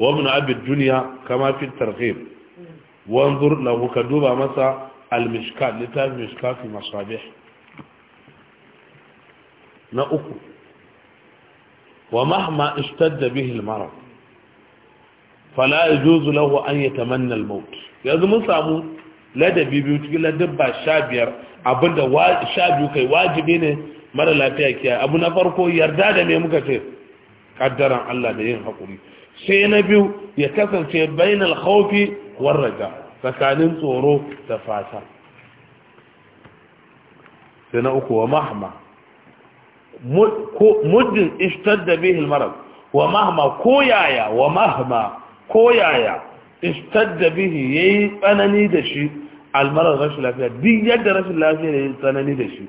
wa ibn abi dunya kama fi targhib wanzur lahu ka duba masa al-mishkat littafin mishkat fi masabih na uku wa mahma ishtadda bihi al-marad fala yajuzu lahu an yatamanna al-maut yanzu mun samu ladabi biyu cikin ladabba sha biyar abinda sha biyu kai wajibi ne mara lafiya kiya abu na farko yarda da me muka ce kaddaran Allah da yin haƙuri. sai na biyu ya kasance bayan khawfi warraga tsakanin tsoro da fata sai na uku wa mahama muddin ishtar da bihil marad wa mahama koyaya wa mahama koyaya istadda bihi yayi tsanani da shi almarar rashin lafiya duk yadda rashin lafiya yayi tsanani da shi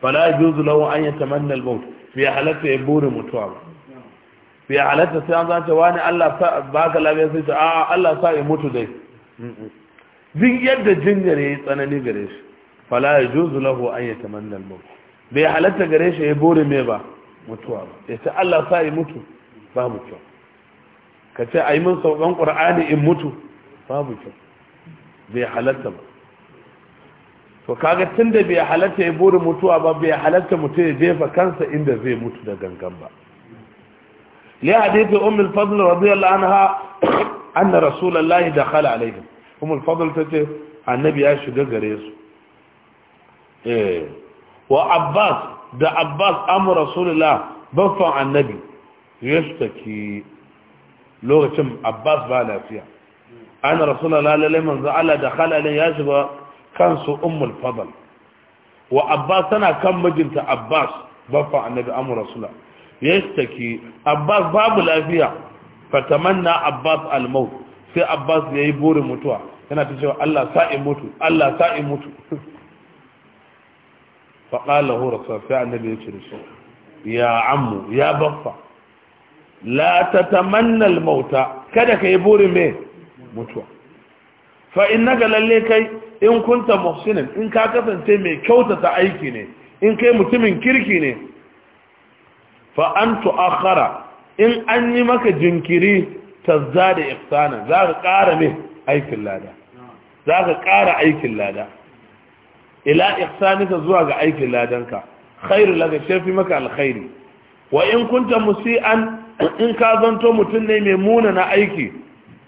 fala yajuzu lahu an yatamanna al-maut bi halatta ya buri mutuwa ba bi halatta sai an zanta wani Allah sa baka lafiya sai ta a Allah sa ya mutu dai duk yadda ya yayi tsanani gare shi fala yajuzu lahu an yatamanna al-maut bai halatta gare shi ya buri me ba mutuwa ba sai Allah sa ya mutu ba mutuwa ka ce a yi min saukan ƙura'ani in mutu babu kyau bai halatta ba to kaga tun da bai halatta ya buri mutuwa ba bai halatta mutu ya jefa kansa inda zai mutu da gangan ba li hadithi ummul fadl radiyallahu anha anna rasulullahi dakhala alaihim ummul fadl tace annabi ya shiga gare su eh wa abbas da abbas amru rasulullah baffan annabi yashtaki lokacin abbas ba lafiya an rasula lalle manzan Allah da halalin ya shiga kansu umar fadal wa abbas tana kan mijinta abbas baffa annabi amur yi yastaki abbas babu lafiya fatamanna abbas al-maut sai abbas ya yi burin mutuwa yana ta cewa Allah sa'i mutu Allah sa'i mutu fa qala hu sai annabi ya ce ya ammu ya baffa la ta al-mauta kada ka yi burin me mutuwa fa in innaka lalle kai in kunta muhsinin in ka kasance mai kyautata aiki ne in kai mutumin kirki ne fa an tu'akhara in an yi maka jinkiri da ihsana za ka ƙara me aikin lada za ka ƙara aikin lada ila ihsanika zuwa ga aikin ladanka khairu laka shafi maka alkhairi wa in kunta musian in ka zanto mutum ne mai muna na aiki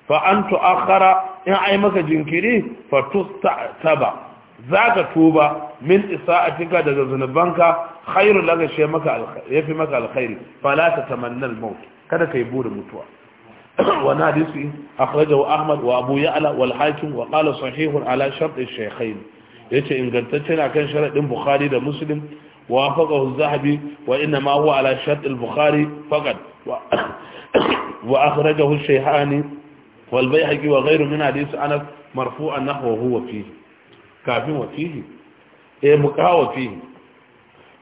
fa an tu'akhara in ai maka jinkiri fa tustaba zaka tuba min isa'atika daga zunubanka khairu laka shi maka alkhairi yafi maka alkhairi la tatamanna al kada kai buri mutuwa wani hadisi akhrajahu ahmad wa abu ya'la wal hakim wa qala sahihun ala shart al-shaykhain yace ingantacce na kan sharadin bukhari da muslim wa faqahu zahabi wa inma huwa ala shart al-bukhari faqat وأخرجه الشيحاني والبيحكي وغيره من حديث أنس مرفوعا نحو هو فيه كافي وفيه إيه مكا فيه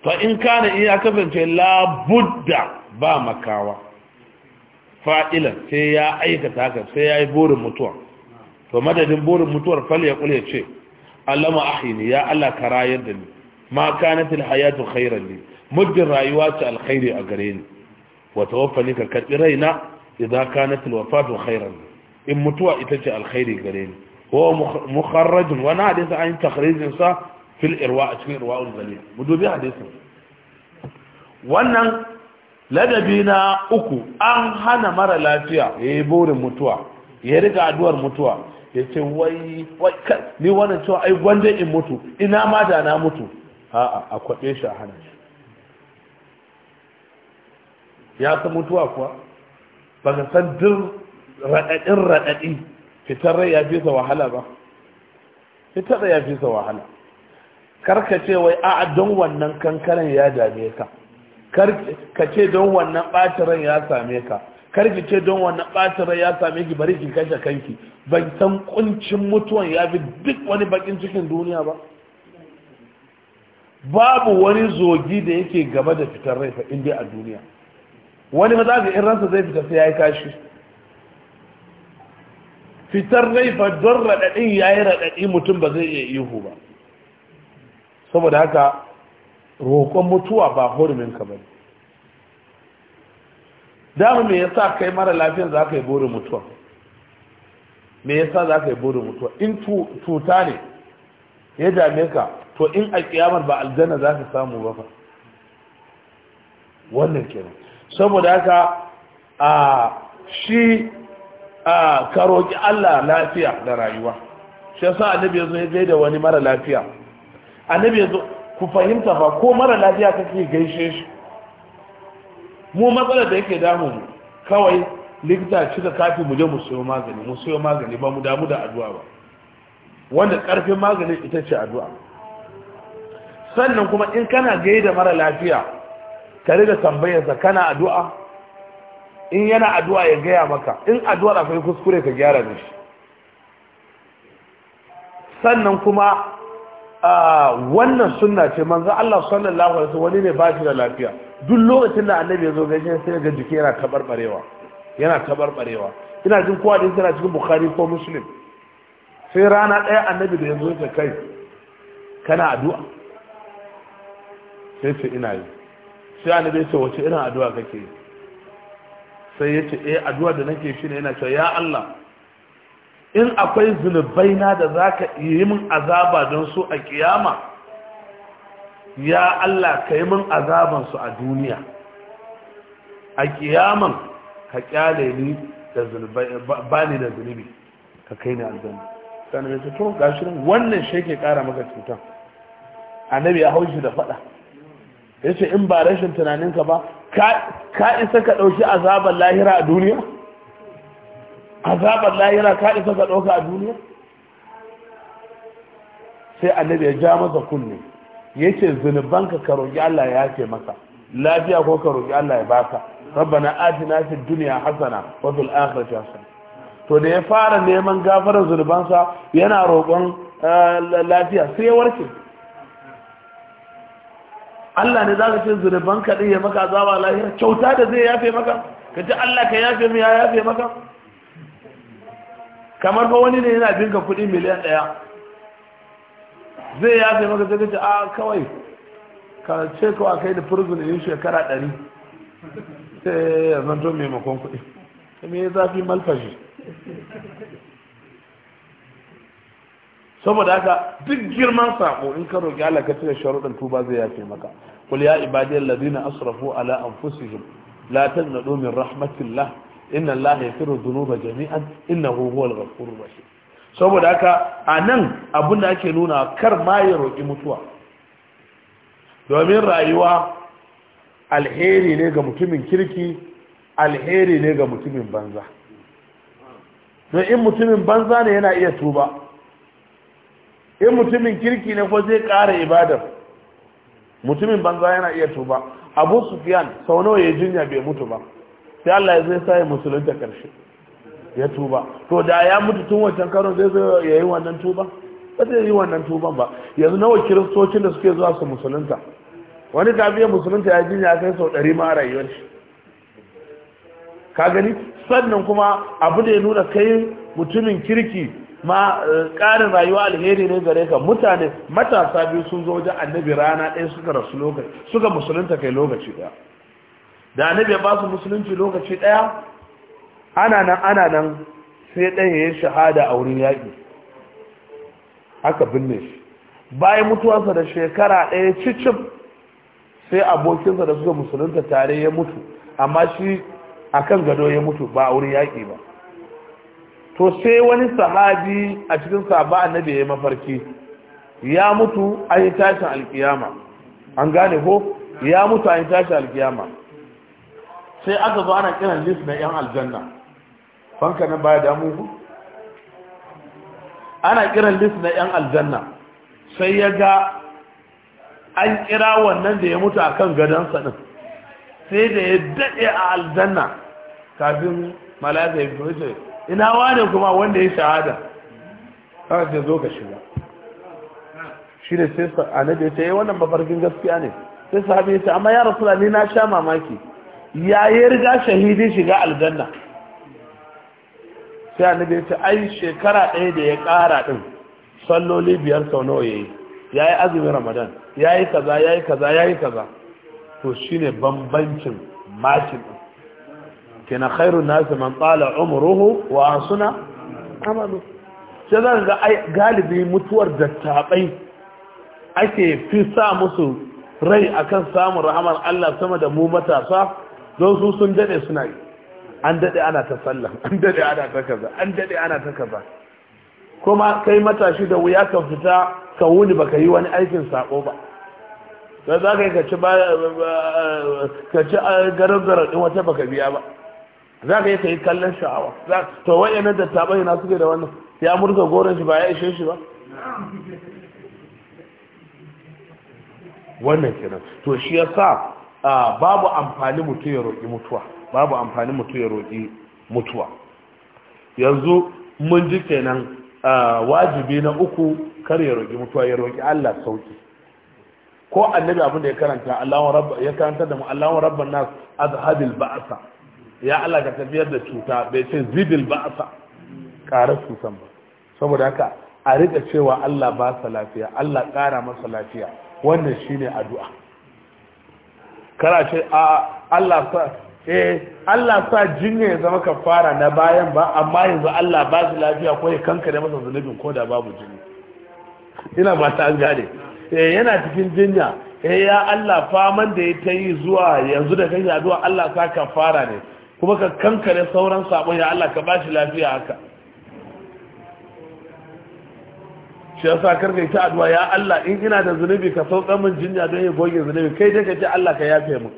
فإن كان إيه كفن لا بد با مكاوى فائلا سيا أيكة هكذا سيا بور متوى فمدد بور متوى فليقول يتشي allama ahini احيني يا ka rayar ما كانت الحياة خيرا لي مد li الخير rayuwa wa tawaffani ka karbi raina idza kanat alwafatu khairan in mutuwa ita ce alkhairi gare ni wa mukharraj wa na hadisi an takhrijin sa fil irwa a cikin irwa'ul zalil mu dubi hadisin wannan ladabi na uku an hana mara lafiya ya yi burin mutuwa ya riga addu'ar mutuwa ya ce wai wai ni wannan cewa ai gwanda in mutu ina ma da na mutu a'a a kwaɗe shi a hana shi ya san mutuwa kuwa ba ka san duk raɗaɗin raɗaɗi fitar rai ya fi sa wahala ba fitar rai ya fi sa wahala karka ce wai a'a don wannan kankanan ya dame ka ka ce don wannan ɓacin ya same ka karki ce don wannan ɓacin rai ya same ki bari ki kashe kanki ban san kuncin mutuwan ya fi duk wani bakin cikin duniya ba babu wani zogi da yake gaba da fitar rai fa inda a duniya wani maza ga in ransa zai fita sai ya yi kashi fitar rai fa don raɗaɗin ya yi raɗaɗi mutum ba zai iya ihu ba saboda haka roƙon mutuwa ba hurumin ka ba ne. Damu me yasa kai mara lafiyar za ka yi burin mutuwa me yasa za ka yi burin mutuwa in cuta ne ya dame ka to in a kiyamar ba aljanna za ka samu ba fa wannan kenan saboda haka a shi a karoki Allah lafiya da rayuwa shi yasa annabi yazo ya gaida wani mara lafiya annabi yazo ku fahimta ba ko mara lafiya kake gaishe shi mu matsalar da yake damu mu kawai likita cika kafi mu je mu siyo magani mu siyo magani ba mu damu da addu'a ba wanda karfin magani ita ce addu'a sannan kuma in kana gaida mara lafiya tare da tambayarsa kana addu'a in yana addu'a ya gaya maka in addu'ar akwai kuskure ka gyara da shi sannan kuma wannan sunna ce manzo Allah sallallahu alaihi wasallam wani ne ba shi da lafiya duk lokacin da annabi ya zo gaishe sai ga jiki yana tabarbarewa yana tabarbarewa ina jin kowa din cikin bukhari ko muslim sai rana ɗaya annabi da ya zo ta kai kana addu'a sai ce ina yi sai annabi ya ce wace irin addu'a kake yi? sai ya ce eh addu'a da nake shi ne yana cewa ya Allah in akwai zunubai na da zaka yi min azaba don su a kiyama ya Allah ka yi min azaban su a duniya a kiyaman ka kyale ni da zunubai ba ni da zunubi ka kai ni aljanna sai ya ce to gashi wannan shi ke kara maka cutan annabi ya haushi da fada ya ce in ba rashin tunaninka ba ka isa ka ɗauki azabar lahira a duniya? azabar lahira ka isa ka ɗauka a duniya? sai annabi ya ja masa kunne ya ce zunubanka ka roƙi Allah ya ce maka lafiya ko ka roƙi Allah ya baka rabbana atina fid duniya hasana wa fil akhirati to da ya fara neman gafarar zunubansa yana roƙon eh, lafiya sai ya warke Allah ne za ka ce zurban ka ɗin ya maka zawa lahiya kyauta da zai yafe maka ka ce Allah ka yafe mu ya yafe maka kamar ba wani ne yana binka kuɗi miliyan ɗaya zai yafe maka zai ce a ah, kawai ka ce kawai kai da prison yin shekara ɗari sai ya zanto maimakon kuɗi me ya zafi malfashi saboda haka duk girman sako in ka roƙi Allah ka cire sharuɗan tuba zai yafe maka qul ya ibadiyal ladina asrafu ala anfusihim la tanadu min rahmatillah inna Allah yaghfiru dhunuba jami'an innahu huwal ghafurur rahim saboda haka anan abin da ake nuna kar ma ya roki mutuwa domin rayuwa alheri ne ga mutumin kirki alheri ne ga mutumin banza don in mutumin banza ne yana iya tuba in mutumin kirki ne ko zai ƙara ibadar mutumin banza yana iya tuba abu sufiyan sau nawa ya jinya bai mutu ba sai Allah ya zai sa ya musulunta karshe ya tuba to da ya mutu tun wancan karon zai zai ya yi wannan tuba ba zai yi wannan tuban ba yanzu nawa kiristocin da suke zuwa su musulunta wani kafin musulunta ya jinya kai sau ɗari ma rayuwar shi ka gani sannan kuma abu da ya nuna kai mutumin kirki ma eh, ƙarin rayuwa alheri ne gare ka mutane matasa biyu sun zo wajen annabi rana ɗaya suka rasu lokaci suka musulunta kai lokaci ɗaya da annabi ba su musulunci lokaci ɗaya ana nan ana nan sai ɗaya ya shahada a wurin yaƙi aka binne shi bayan mutuwarsa da shekara ɗaya cicin sai abokinsa da suka musulunta tare ya mutu amma shi akan gado ya mutu ba a wurin yaƙi ba to sai wani sahabi a cikin sahaba annabi ya mafarki ya mutu an yi tashin alkiyama an gane ko ya mutu an yi tashin alkiyama sai aka zo ana kiran list na yan aljanna fanka na baya damu ku ana kiran list na yan aljanna sai ya ga an kira wannan da ya mutu akan gadansa din sai da ya daɗe a aljanna kafin malaka ya fi ina wane kuma wanda ya shahada kawai sai zo ka shiga shi ne sai a nabi ta yi eh, wannan mafarkin gaskiya ne sai sa ya ta amma ya rasu ni na sha mamaki ya yi riga shahidin shiga aljanna sai a nabi ta ai shekara ɗaya da ya ƙara ɗin salloli biyar sau nawa ya yi ya yi azumin ramadan ya yi kaza ya yi kaza ya yi kaza to shine bambancin makin ɗin kina khairun nasu man tsala umruhu wa suna amalu sai zan ga galibi mutuwar dattabai ake fi sa musu rai akan samun rahamar Allah sama da mu matasa don su sun daɗe suna yi an daɗe ana ta sallah an daɗe ana ta kaza an daɗe ana ta kaza kuma kai matashi da wuya ka fita ka wuni baka yi wani aikin sako ba Sai za ka ka ci eh, garar ɗin wata baka biya ba za ka yi ka yi kallon sha'awa to wayannan dattaban yana suke da wannan ya murka goron shi ba ya ishe shi ba wannan kenan to shi ya sa babu amfani mutu ya roƙi mutuwa babu amfani mutu ya roƙi mutuwa yanzu mun ji kenan wajibi na uku kar ya roƙi mutuwa ya roƙi Allah sauki ko annabi abin da ya karanta Allahu rabba ya karanta da mu Allahu rabban nas azhabil ba'sa ya Allah ka tafiyar da cuta bai ce zibil ba sa ƙara cutan ba saboda haka a rika cewa Allah ba sa lafiya Allah ƙara masa lafiya wannan ne addu'a kana ce a Allah sa eh Allah sa jinya ya zama ka fara na bayan ba amma yanzu Allah ba su lafiya ko ya kankare masa zunubin ko da babu jini ina ba ta an gane eh yana cikin jinya eh ya Allah faman da ya ta yi zuwa yanzu da kan yaduwa Allah sa ka fara ne kuma ka kankare sauran sabon ya Allah ka bashi lafiya haka shi ya sa karka ta addu'a ya Allah in ina da zunubi ka sauka min jinya don ya goge zunubi kai dai ka ce Allah ka yafe mu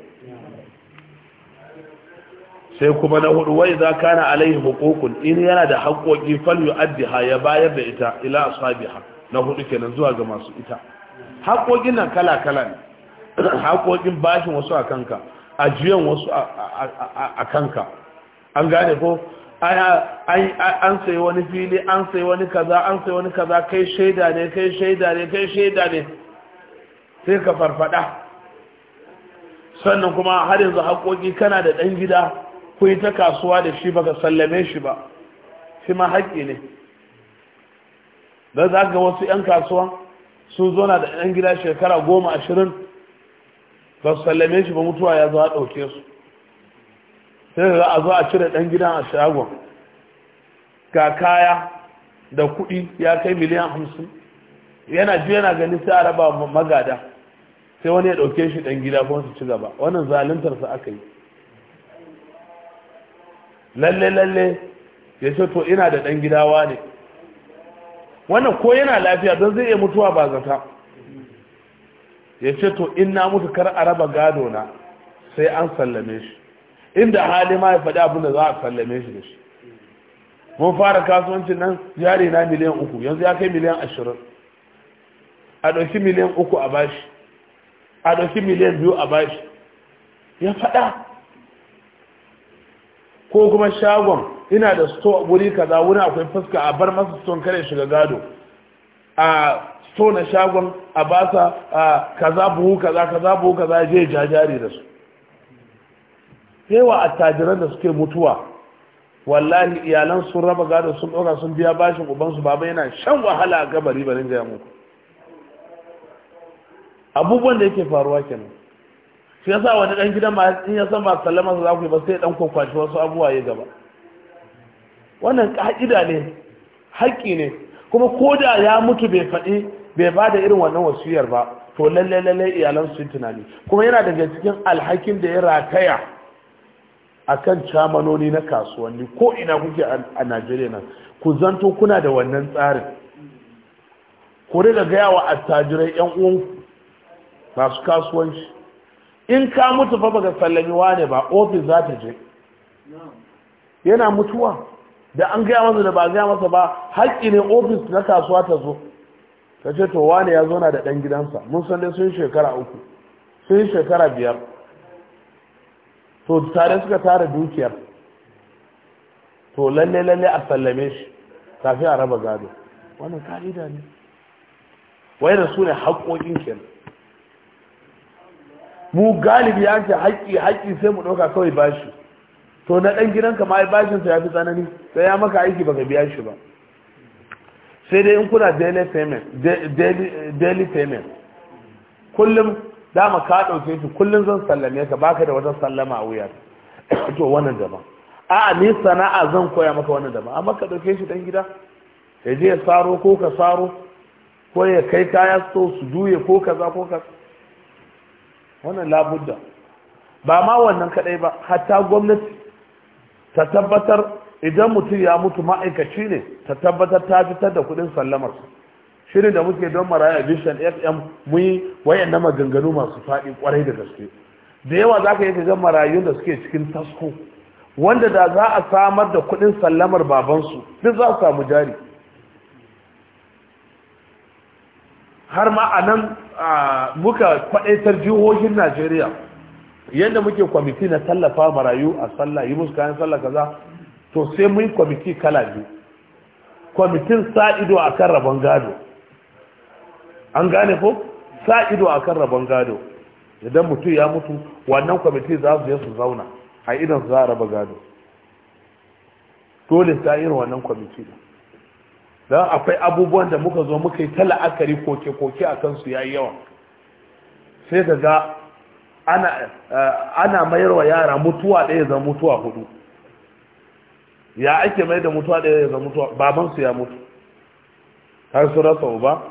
sai kuma na hudu wai za ka na alaihi hukukun in yana da haƙoƙi fal ha ya bayar da ita ila ashabiha na hudu kenan zuwa ga masu ita haƙoƙin nan kala kala ne haƙoƙin bashin wasu a kanka a juyan wasu a kanka an gane ko an sai wani fili an sai wani kaza an sai wani kaza kai shaida ne kai shaida ne kai shaida ne sai ka farfada sannan kuma har yanzu haƙoƙi kana da ɗan gida ku yi ta kasuwa da shi baka sallame shi ba shi ma haƙƙi ne don za ga wasu 'yan kasuwa sun zo na da ɗan gida shekara goma ashirin ba su sallame shi ba mutuwa ya zo a ɗauke su sai da za a zo a cire ɗan gidan a shagon ga kaya da kuɗi ya kai miliyan hamsin yana ji yana gani sai a raba magada sai wani ya ɗauke shi ɗan gida kuma su ci gaba wannan su aka yi lalle lalle ya ce to ina da ɗan gidawa ne wannan ko yana lafiya don zai iya mutuwa ba zata ya ce to in na mutu kar a raba gado na sai an sallame shi inda hali ma ya faɗi abin da za a sallame shi da shi mun fara kasuwancin nan jari na miliyan uku yanzu ya kai miliyan ashirin a ɗauki miliyan uku a bashi a ɗauki miliyan biyu a bashi ya faɗa ko kuma shagon ina da store wuri kaza wuri akwai fuska a bar masa son kare shiga gado a so na shagon a ba sa kaza buhu kaza kaza buhu kaza je jajari da su yawa attajiran da suke mutuwa wallahi iyalan sun raba gada sun ɗora sun biya bashin ubansu baba yana shan wahala a gabari barin gaya muku abubuwan da yake faruwa kenan shi yasa wani dan gidan ma in ya san ba sallama su ba sai dan kwakwaci wasu abubuwa ya gaba wannan ƙa'ida ne haƙƙi ne kuma ko da ya mutu bai faɗi bai ba da irin wannan wasiyar ba to lalle lalle iyalan su tunani kuma yana daga cikin alhakin da ya rataya akan camanoni na kasuwanni ko ina kuke a Najeriya nan ku zanto kuna da wannan tsarin ku riga gaya wa attajirai yan uwan masu kasuwanci in ka mutu fa baka sallami wane ba ofis za ta je yana mutuwa da an gaya masa da ba gaya masa ba haƙƙi ne ofis na kasuwa ta zo ta ce to wane ya zo na da ɗan gidansa mun san dai sun shekara uku sun shekara biyar to tare suka tara dukiyar to lalle lalle a sallame shi kafin a raba gado wannan ka'ida ne wai da su ne haƙoƙin kenan mu galibi ya ce haƙƙi haƙƙi sai mu ɗauka kawai bashi to na ɗan gidanka ma ai bashinsa ya fi tsanani sai ya maka aiki baka biya shi ba sai dai in kuna daily payment daily payment kullum dama ka ɗauke shi kullum zan sallame ka baka da wata sallama a wuyar to wannan daban a'a ni sana'a zan koya maka wannan daban amma ka ɗauke shi dan gida ya je ya saro ko ka saro ko ya kai kaya so su juye ko kaza ko kaza wannan labudda ba ma wannan kadai ba hatta gwamnati ta tabbatar idan mutum ya mutu ma'aikaci ne ta tabbatar ta fitar da kuɗin sallamar su shirin da muke don maraya vision fm mun yi wayannan maganganu masu faɗi kwarai da gaske da yawa za ka yi ga marayun da suke cikin tasko wanda da za a samar da kuɗin sallamar babansu duk za su samu jari har ma a nan muka kwadaitar jihohin najeriya yadda muke kwamiti na tallafa marayu a sallah yi musu kayan sallah kaza to sai mun kwamiti kala biyu kwamitin sa ido a kan rabon gado an gane ko sa ido a kan rabon gado idan mutum ya mutu wannan kwamiti za su je su zauna a idan su za a raba gado dole sa irin wannan kwamiti don akwai abubuwan da muka zo muka yi ta la'akari koke-koke a kansu ya yi yawa sai daga ga ana eh, mayarwa yara mutuwa ɗaya zan mutuwa hudu ya ake mai da mutuwa da ya mutuwa baban su ya mutu har su rasa uba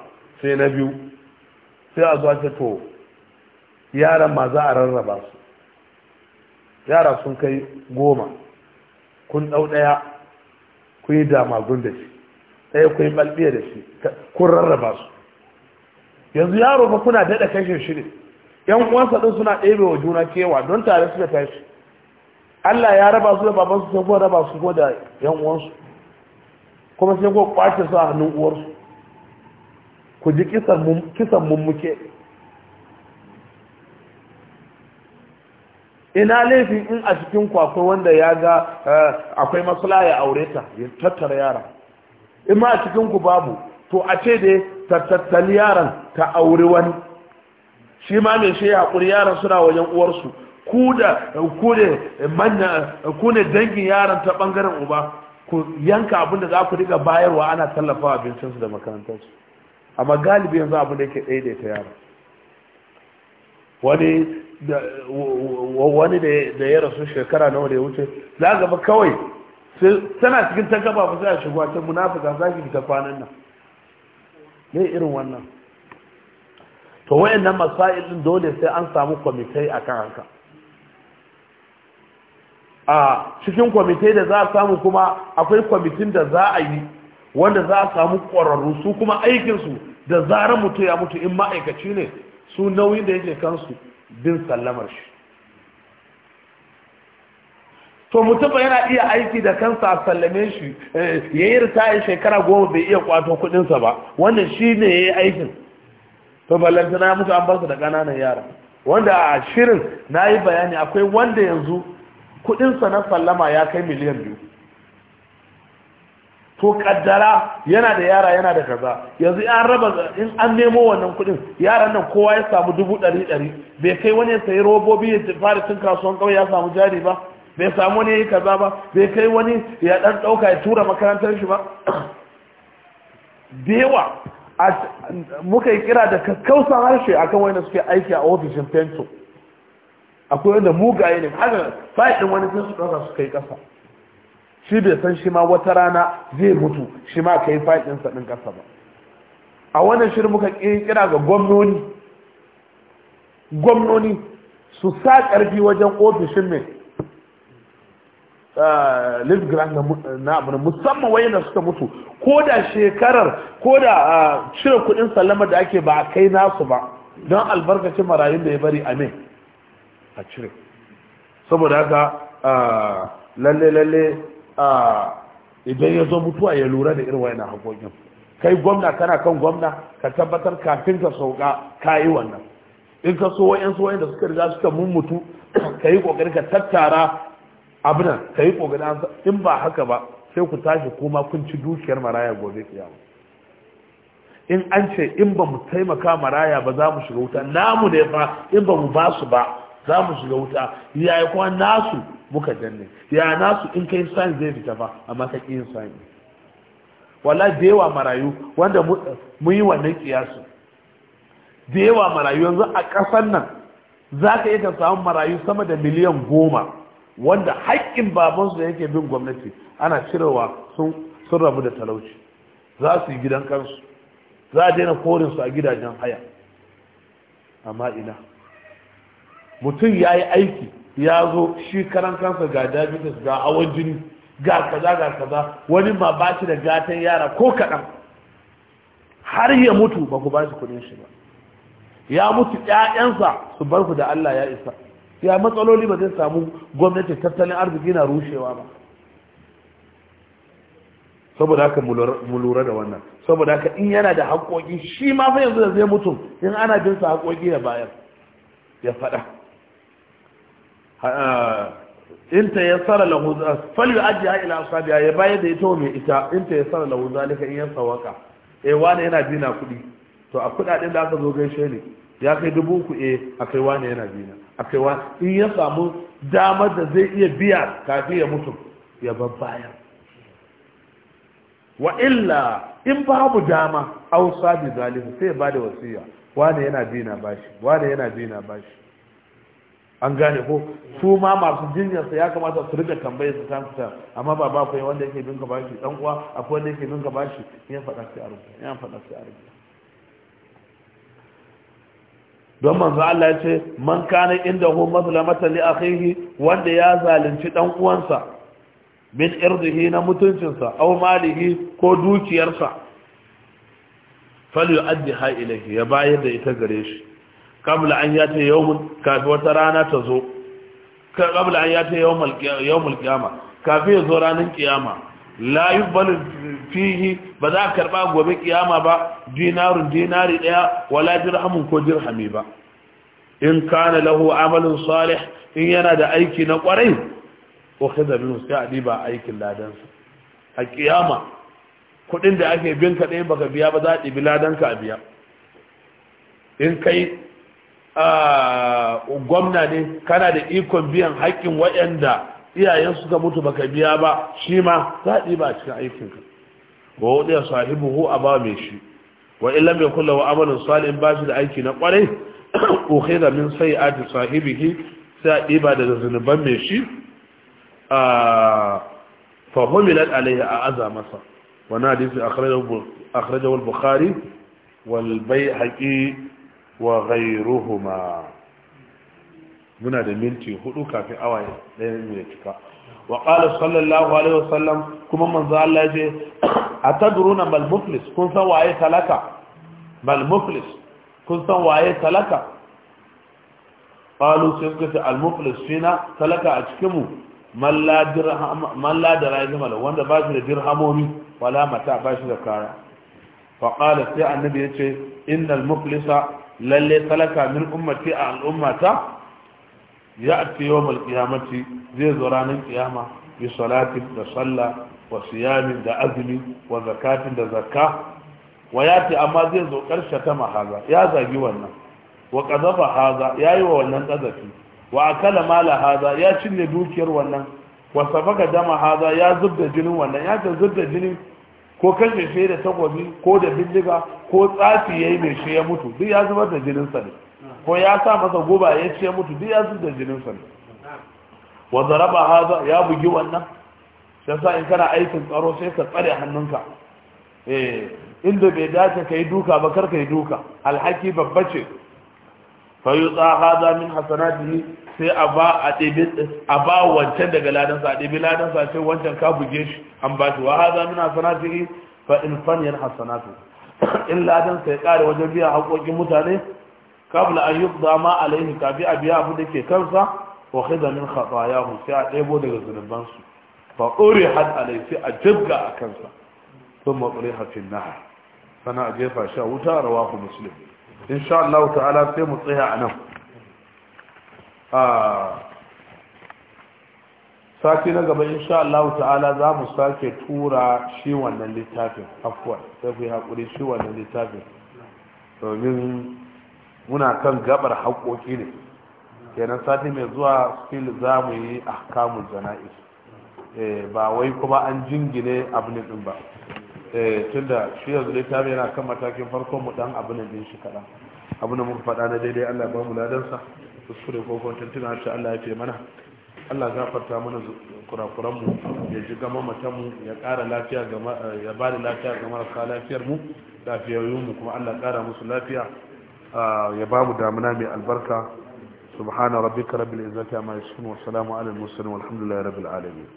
sai na biyu sai a zuwa to yaran ma za a rarraba su yara sun kai goma kun ɗau ɗaya kun yi damagun da shi ɗaya kun yi ɓalɓiya da shi kun rarraba su yanzu yaro ba kuna daɗa kashe shi ne yan uwansa ɗin suna ɗebe wa juna kewa don tare suka tashi Allah ya raba su da baban su sai kuma raba su da yan uwansu kuma sai kuma kwace su a hannun uwarsu ku ji kisan mummuke ina laifin in a cikin akwai wanda ya ga eh, akwai matsala ya aure ta ya tattara yara in ma a cikin ku babu to a ce dai ta tattali yaran ta auri wani shi ma mai shi haƙuri yaran suna wajen uwarsu ku da ne dangin yaran ta bangaren uba ku yanka abin da za ku riga bayarwa ana tallafawa abincinsu da makarantarsu amma galibi yanzu abin da yake daidaita yaran wani da wani da ya rasu shekara nawa da ya wuce za ga ba kawai tana cikin ta gaba ba sai a shigo ta munafika za ki ta kwanan nan ne irin wannan to wayannan masail din dole sai an samu kwamitai a kan haka a cikin kwamite da za a samu kuma akwai kwamitin da za a yi wanda za a samu ƙwararru su kuma aikinsu da zarar mutu ya mutu in ma'aikaci ne su nauyin da yake kansu bin sallamar shi to mutum yana iya aiki da kansa a sallame shi eh, ya yi shekara goma bai iya kwato kudinsa ba wannan shi ne ya yi aikin to ballantana ya mutu an barsa da ƙananan yara wanda a shirin na yi bayani akwai wanda yanzu kudinsa na sallama ya kai miliyan biyu to kaddara yana da yara yana da kaza yanzu an raba in an nemo wannan kudin yaran nan kowa ya samu dubu ɗari ɗari bai kai wani sayi robobi ya fara cin kasuwan kawai ya samu jari ba bai samu wani ya yi kaza ba bai kai wani ya ɗan ɗauka ya tura makarantar shi ba da yawa muka yi kira da kakkausan harshe akan wani suke aiki a ofishin fento akwai wanda mugaye ne haka faɗin wani sun su ɗauka su kai ƙasa shi bai san shi ma wata rana zai mutu shi ma kai faɗin sa ɗin ƙasa ba a wannan shirin muka kira ga gwamnoni gwamnoni su sa ƙarfi wajen ofishin mai ah, grand na abu musamman wayanda suka mutu ko da shekarar ko da ah, cire kuɗin sallama da ake ba a kai nasu ba don albarkacin marayun da ya bari amin a cire saboda haka lalle lalle idan ya zo mutuwa ya lura da irin na hakokin kai gwamna kana kan gwamna ka tabbatar kafin ka sauka kayi yi wannan in ka so wayan so da suka riga suka mummutu ka yi kokari ka tattara abinan ka yi kokari in ba haka ba sai ku tashi kuma kun ci dukiyar maraya gobe kiyama in an ce in ba mu taimaka maraya ba za mu shiga wuta namu ne fa in ba mu ba su ba za mu shiga wuta yaya kuma nasu muka janne. ya nasu in kai sani zai fita ba, amma ka yin sani wala da yawa marayu wanda mun yi wannan kiyasu da yawa marayu yanzu a ƙasar nan za ka iya ta samun marayu sama da miliyan goma wanda haƙƙin babansu da yake bin gwamnati ana cirewa sun rabu da talauci za su yi gidan kansu za a daina korinsu a gidajen haya amma ina mutum ya yi aiki ya zo shi karan kansa ga diabetes ga awon jini ga kaza ga kaza wani ma ba shi da gatan yara ko kaɗan har ya mutu ba ku ba shi kudin shi ba ya mutu ƴaƴansa su bar ku da Allah ya isa ya matsaloli ba zai samu gwamnati tattalin arziki na rushewa ba saboda haka mu lura da wannan saboda haka in yana da haƙoƙi shi ma fa yanzu da zai mutu in ana bin sa haƙoƙi ya bayar ya faɗa in ta tsara lahu falyu ajiya ila asabiya ya bayar da ita mai ita in ta tsara lahu zalika in ya sawaka eh wani yana bina kuɗi to a kuɗaɗen da aka zo gaishe ne ya kai dubu uku eh akai wani yana bina akai wani in ya samu damar da zai iya biya kafin ya mutu ya babbayar wa illa in babu dama ausa bi zalika sai ba da wasiya wani yana bina bashi wani yana bina bashi an gane ko su ma masu jinyarsa ya kamata su rika tambayar su san ta amma ba ba kai wanda yake bin ka bashi dan uwa akwai wanda yake bin ka bashi ya faɗa sai a rubuta ya faɗa sai a rubuta don manzo Allah ya ce man kana inda hu mazlamata li akhihi wanda ya zalunci dan uwansa min irdihi na mutuncinsa aw malihi ko dukiyarsa ha ilayhi ya bayar da ita gare shi kabla an ya ta yawon kafin wata rana ta zo kabla an ya ta yawon kiyama kafin ya zo ranar kiyama la yi fihi ba za a karɓa gobe kiyama ba dinarun dinari ɗaya wala dirhamun ko dirhami ba in kana lahu amalin salih in yana da aiki na kwarai ko kaza bin sai a diba aikin ladansa a kiyama kudin da ake bin ka ɗaya baka biya ba za a ɗibi ladanka a biya in kai gwamna ne kana da ikon biyan haƙƙin waɗanda iyayen suka mutu baka biya ba shi ma za a ɗiba a cikin aikinka wa wuɗe sahibu hu a ba mai shi wa illa mai kula wa amalin salin ba shi da aiki na ƙwarai ƙoƙai da min sai a ji sahibihi sai a ɗiba daga zunuban mai shi a fahimilar alaihi a aza masa wani hadisi akhrajahu al-bukhari wal wa ghayruhuma muna da minti hudu kafin awa ɗaya mai cika wa qala sallallahu alaihi wasallam kuma manzo Allah ce atadruna mal muflis kun san waye talaka mal muflis kun san waye talaka qalu sai kace al muflis fina talaka a cikin mu man la dirham man la wanda ba shi da dirhamomi wala mata ba shi da kaya fa qala sai annabi yace innal muflisa lalle talaka min ummati a al'ummata ya ati yau mal zai zo ranar kiyama bi salatin da sallah wa siyamin da azumi wa zakatin da zakka wa ya ce amma zai zo karshe ta mahaza ya zagi wannan wa kazafa haza ya yi wa wannan kazafi wa akala mala haza ya cinye dukiyar wannan wa safaka dama haza ya zubda jinin wannan ya ce zubda jinin ko kan mai da takobi ko da bindiga ko tsafi ya yi mai shi ya mutu duk ya zubar da sa ne ko ya sa masa guba ya ce mutu duk ya zubar da sa ne wa zaraba haza ya bugi wannan sai sa in kana aikin tsaro sai ka tsare hannunka eh inda bai dace ka yi duka ba kar ka yi duka alhaki babba ce fa yuza haza min hasanatihi sai a ba a a ba wancan daga ladansa a ɗebi ladansa sai wancan ka buge shi an ba shi wa haza min hasanatihi fa in faniyar hasanatu in ladansa ya ƙare wajen biya haƙoƙin mutane kabla an yubda ma alaihi kafi a biya abu da ke kansa wa khidha min khatayahu sai a ɗebo daga zunubansu fa urihat alaihi sai a jibga a kansa thumma urihat fi nahar sana a jefa shi a wuta rawahu muslim insha Allah ta'ala sai mu tsaya a nan sati na gaba insha Allah ta'ala za mu sake tura shi wannan littafin afuwa sai ku yi haƙuri shi wannan littafin domin muna kan gabar haƙoƙi ne kenan sati mai zuwa still za mu yi ahkamun jana'is eh, ba wai kuma an jingine abin din ba eh, tunda shi yanzu littafin yana kan matakin farkon mu dan abin din shi kaɗan abin da muka faɗa na daidai Allah ba mu ladansa kuskure ko kwantar tuna ta Allah ya fi mana Allah gafarta mana kurakuran mu ya ji gama matan mu ya ƙara lafiya ya ba da lafiya ga marasa lafiyar mu lafiyoyin mu kuma Allah ƙara musu lafiya ya ba mu damuna mai albarka subhana rabbika rabbil izzati amma yasifun wa salamu alal mursalin walhamdulillahi rabbil alamin